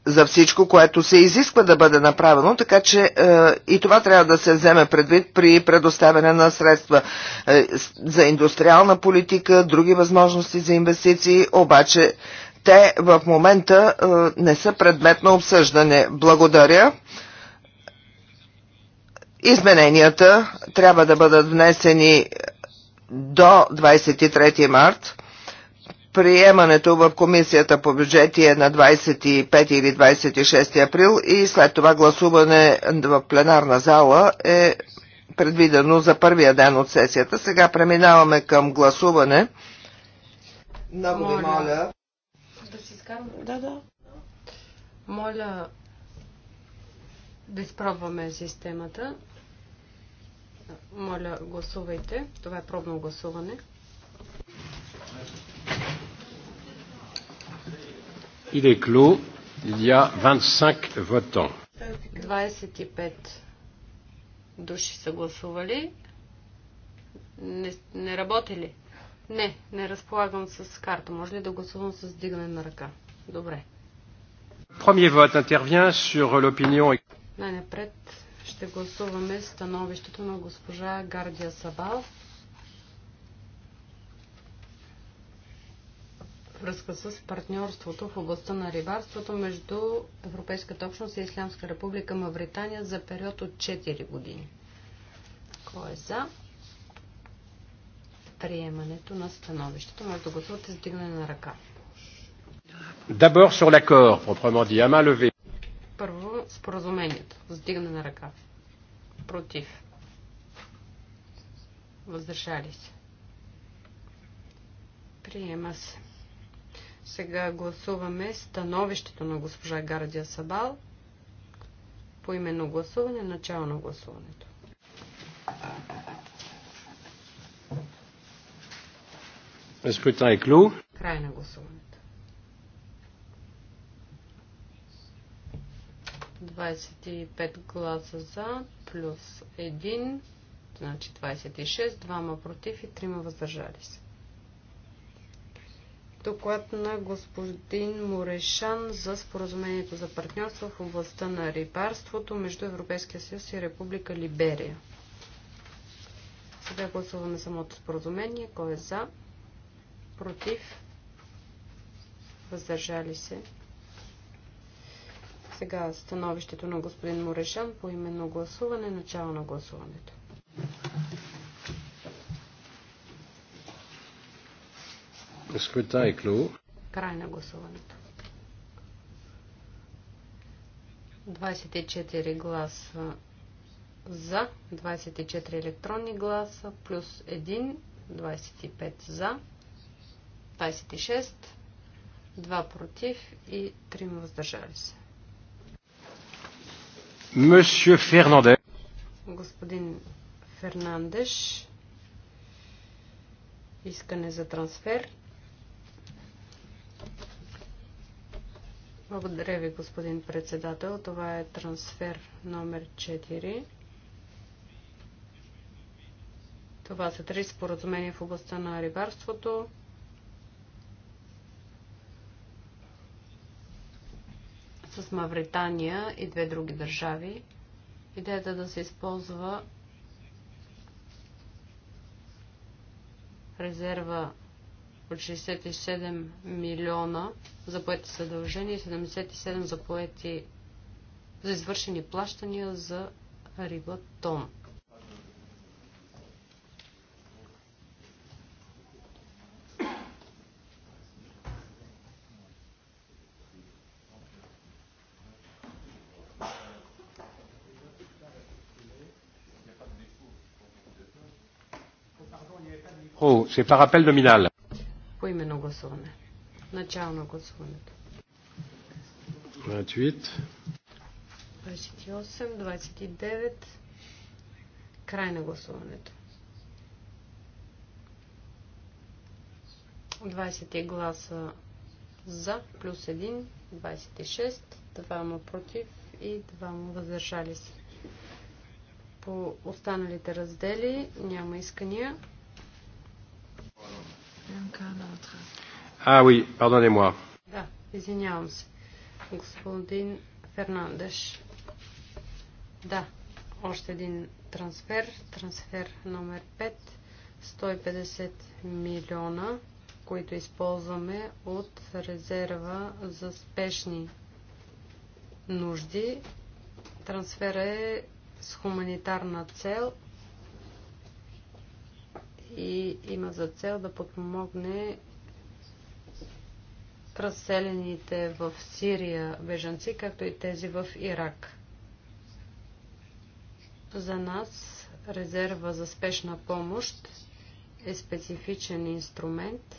за всичко, което се изисква да бъде направено, така че е, и това трябва да се вземе предвид при предоставяне на средства е, за индустриална политика, други възможности за инвестиции, обаче те в момента е, не са предмет на обсъждане. Благодаря. Измененията трябва да бъдат внесени до 23 март. Приемането в Комисията по бюджети е на 25 или 26 април и след това гласуване в пленарна зала е предвидено за първия ден от сесията. Сега преминаваме към гласуване. Много ви моля камера? Да, да. Моля да изпробваме системата. Моля, гласувайте. Това е пробно гласуване. Il est clos. Il y a 25 votants. 25 души са гласували. Не, не работи ли? Не, не разполагам с карта. Може ли да гласувам с дигане на ръка? Добре. Premier vote intervient sur l'opinion. Най-напред ще гласуваме становището на госпожа Гардия Сабал. връзка с партньорството в областта на рибарството между Европейската общност и Исламска република Мавритания за период от 4 години. Кой е за? приемането на становището. Може да гласувате е с дигане на ръка. D'abord sur l'accord, proprement dit, à main levée. Първо споразумението. Сдигане на ръка. Против. Въздържали се. Приема се. Сега гласуваме становището на госпожа Гардия Сабал по именно гласуване, начало на гласуването. клю. Край на гласуването. 25 гласа за, плюс 1, значи 26, 2 против и 3 въздържали се. Доклад на господин Морешан за споразумението за партньорство в областта на рибарството между Европейския съюз и Република Либерия. Сега гласуваме самото споразумение. Кой е за? против, въздържали се. Сега становището на господин Морешан по именно гласуване, начало на гласуването. Е Край на гласуването. 24 гласа за, 24 електронни гласа, плюс 1, 25 за. 26, 2 против и 3 въздържали се. Мъсю Фернандеш. Господин Фернандеш. Искане за трансфер. Благодаря ви, господин председател. Това е трансфер номер 4. Това са три споразумения в областта на рибарството. с Мавритания и две други държави. Идеята да се използва резерва от 67 милиона за поети съдължения и 77 за поети за извършени плащания за риба тон. C'est par appel nominal. Поименно гласуване. Начало на гласуването. 28. 28, 29. Край на гласуването. 20 гласа за, плюс 1, 26, 2 против и 2 въздържали се. По останалите раздели няма искания. А, oui, pardonnez-moi. Да, извинявам се. Господин Фернандеш. Да, още един трансфер. Трансфер номер 5. 150 милиона, които използваме от резерва за спешни нужди. Трансфера е с хуманитарна цел и има за цел да подпомогне разселените в Сирия бежанци, както и тези в Ирак. За нас резерва за спешна помощ е специфичен инструмент.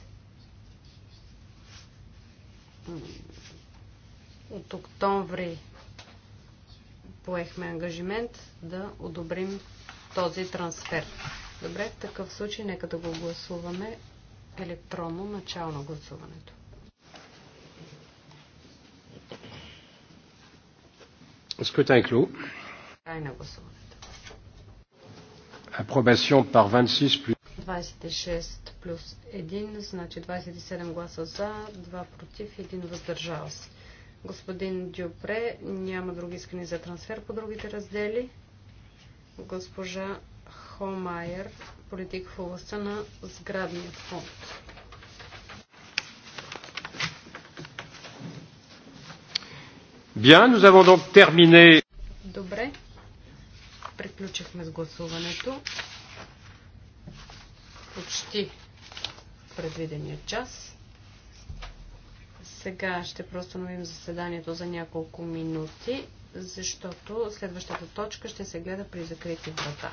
От октомври поехме ангажимент да одобрим този трансфер. Добре, в такъв случай нека да го гласуваме електронно начало на гласуването. Скрутен клю. Край на гласуването. Апробацион пар 26 плюс 26 плюс 1, значи 27 гласа за, 2 против, 1 въздържал се. Господин Дюпре, няма други искани за трансфер по другите раздели. Госпожа Холмайер, политик в областта на сградния фонд. Bien, nous avons donc terminé. Добре. Приключихме с гласуването. Почти предвидения час. Сега ще простановим заседанието за няколко минути, защото следващата точка ще се гледа при закрити врата.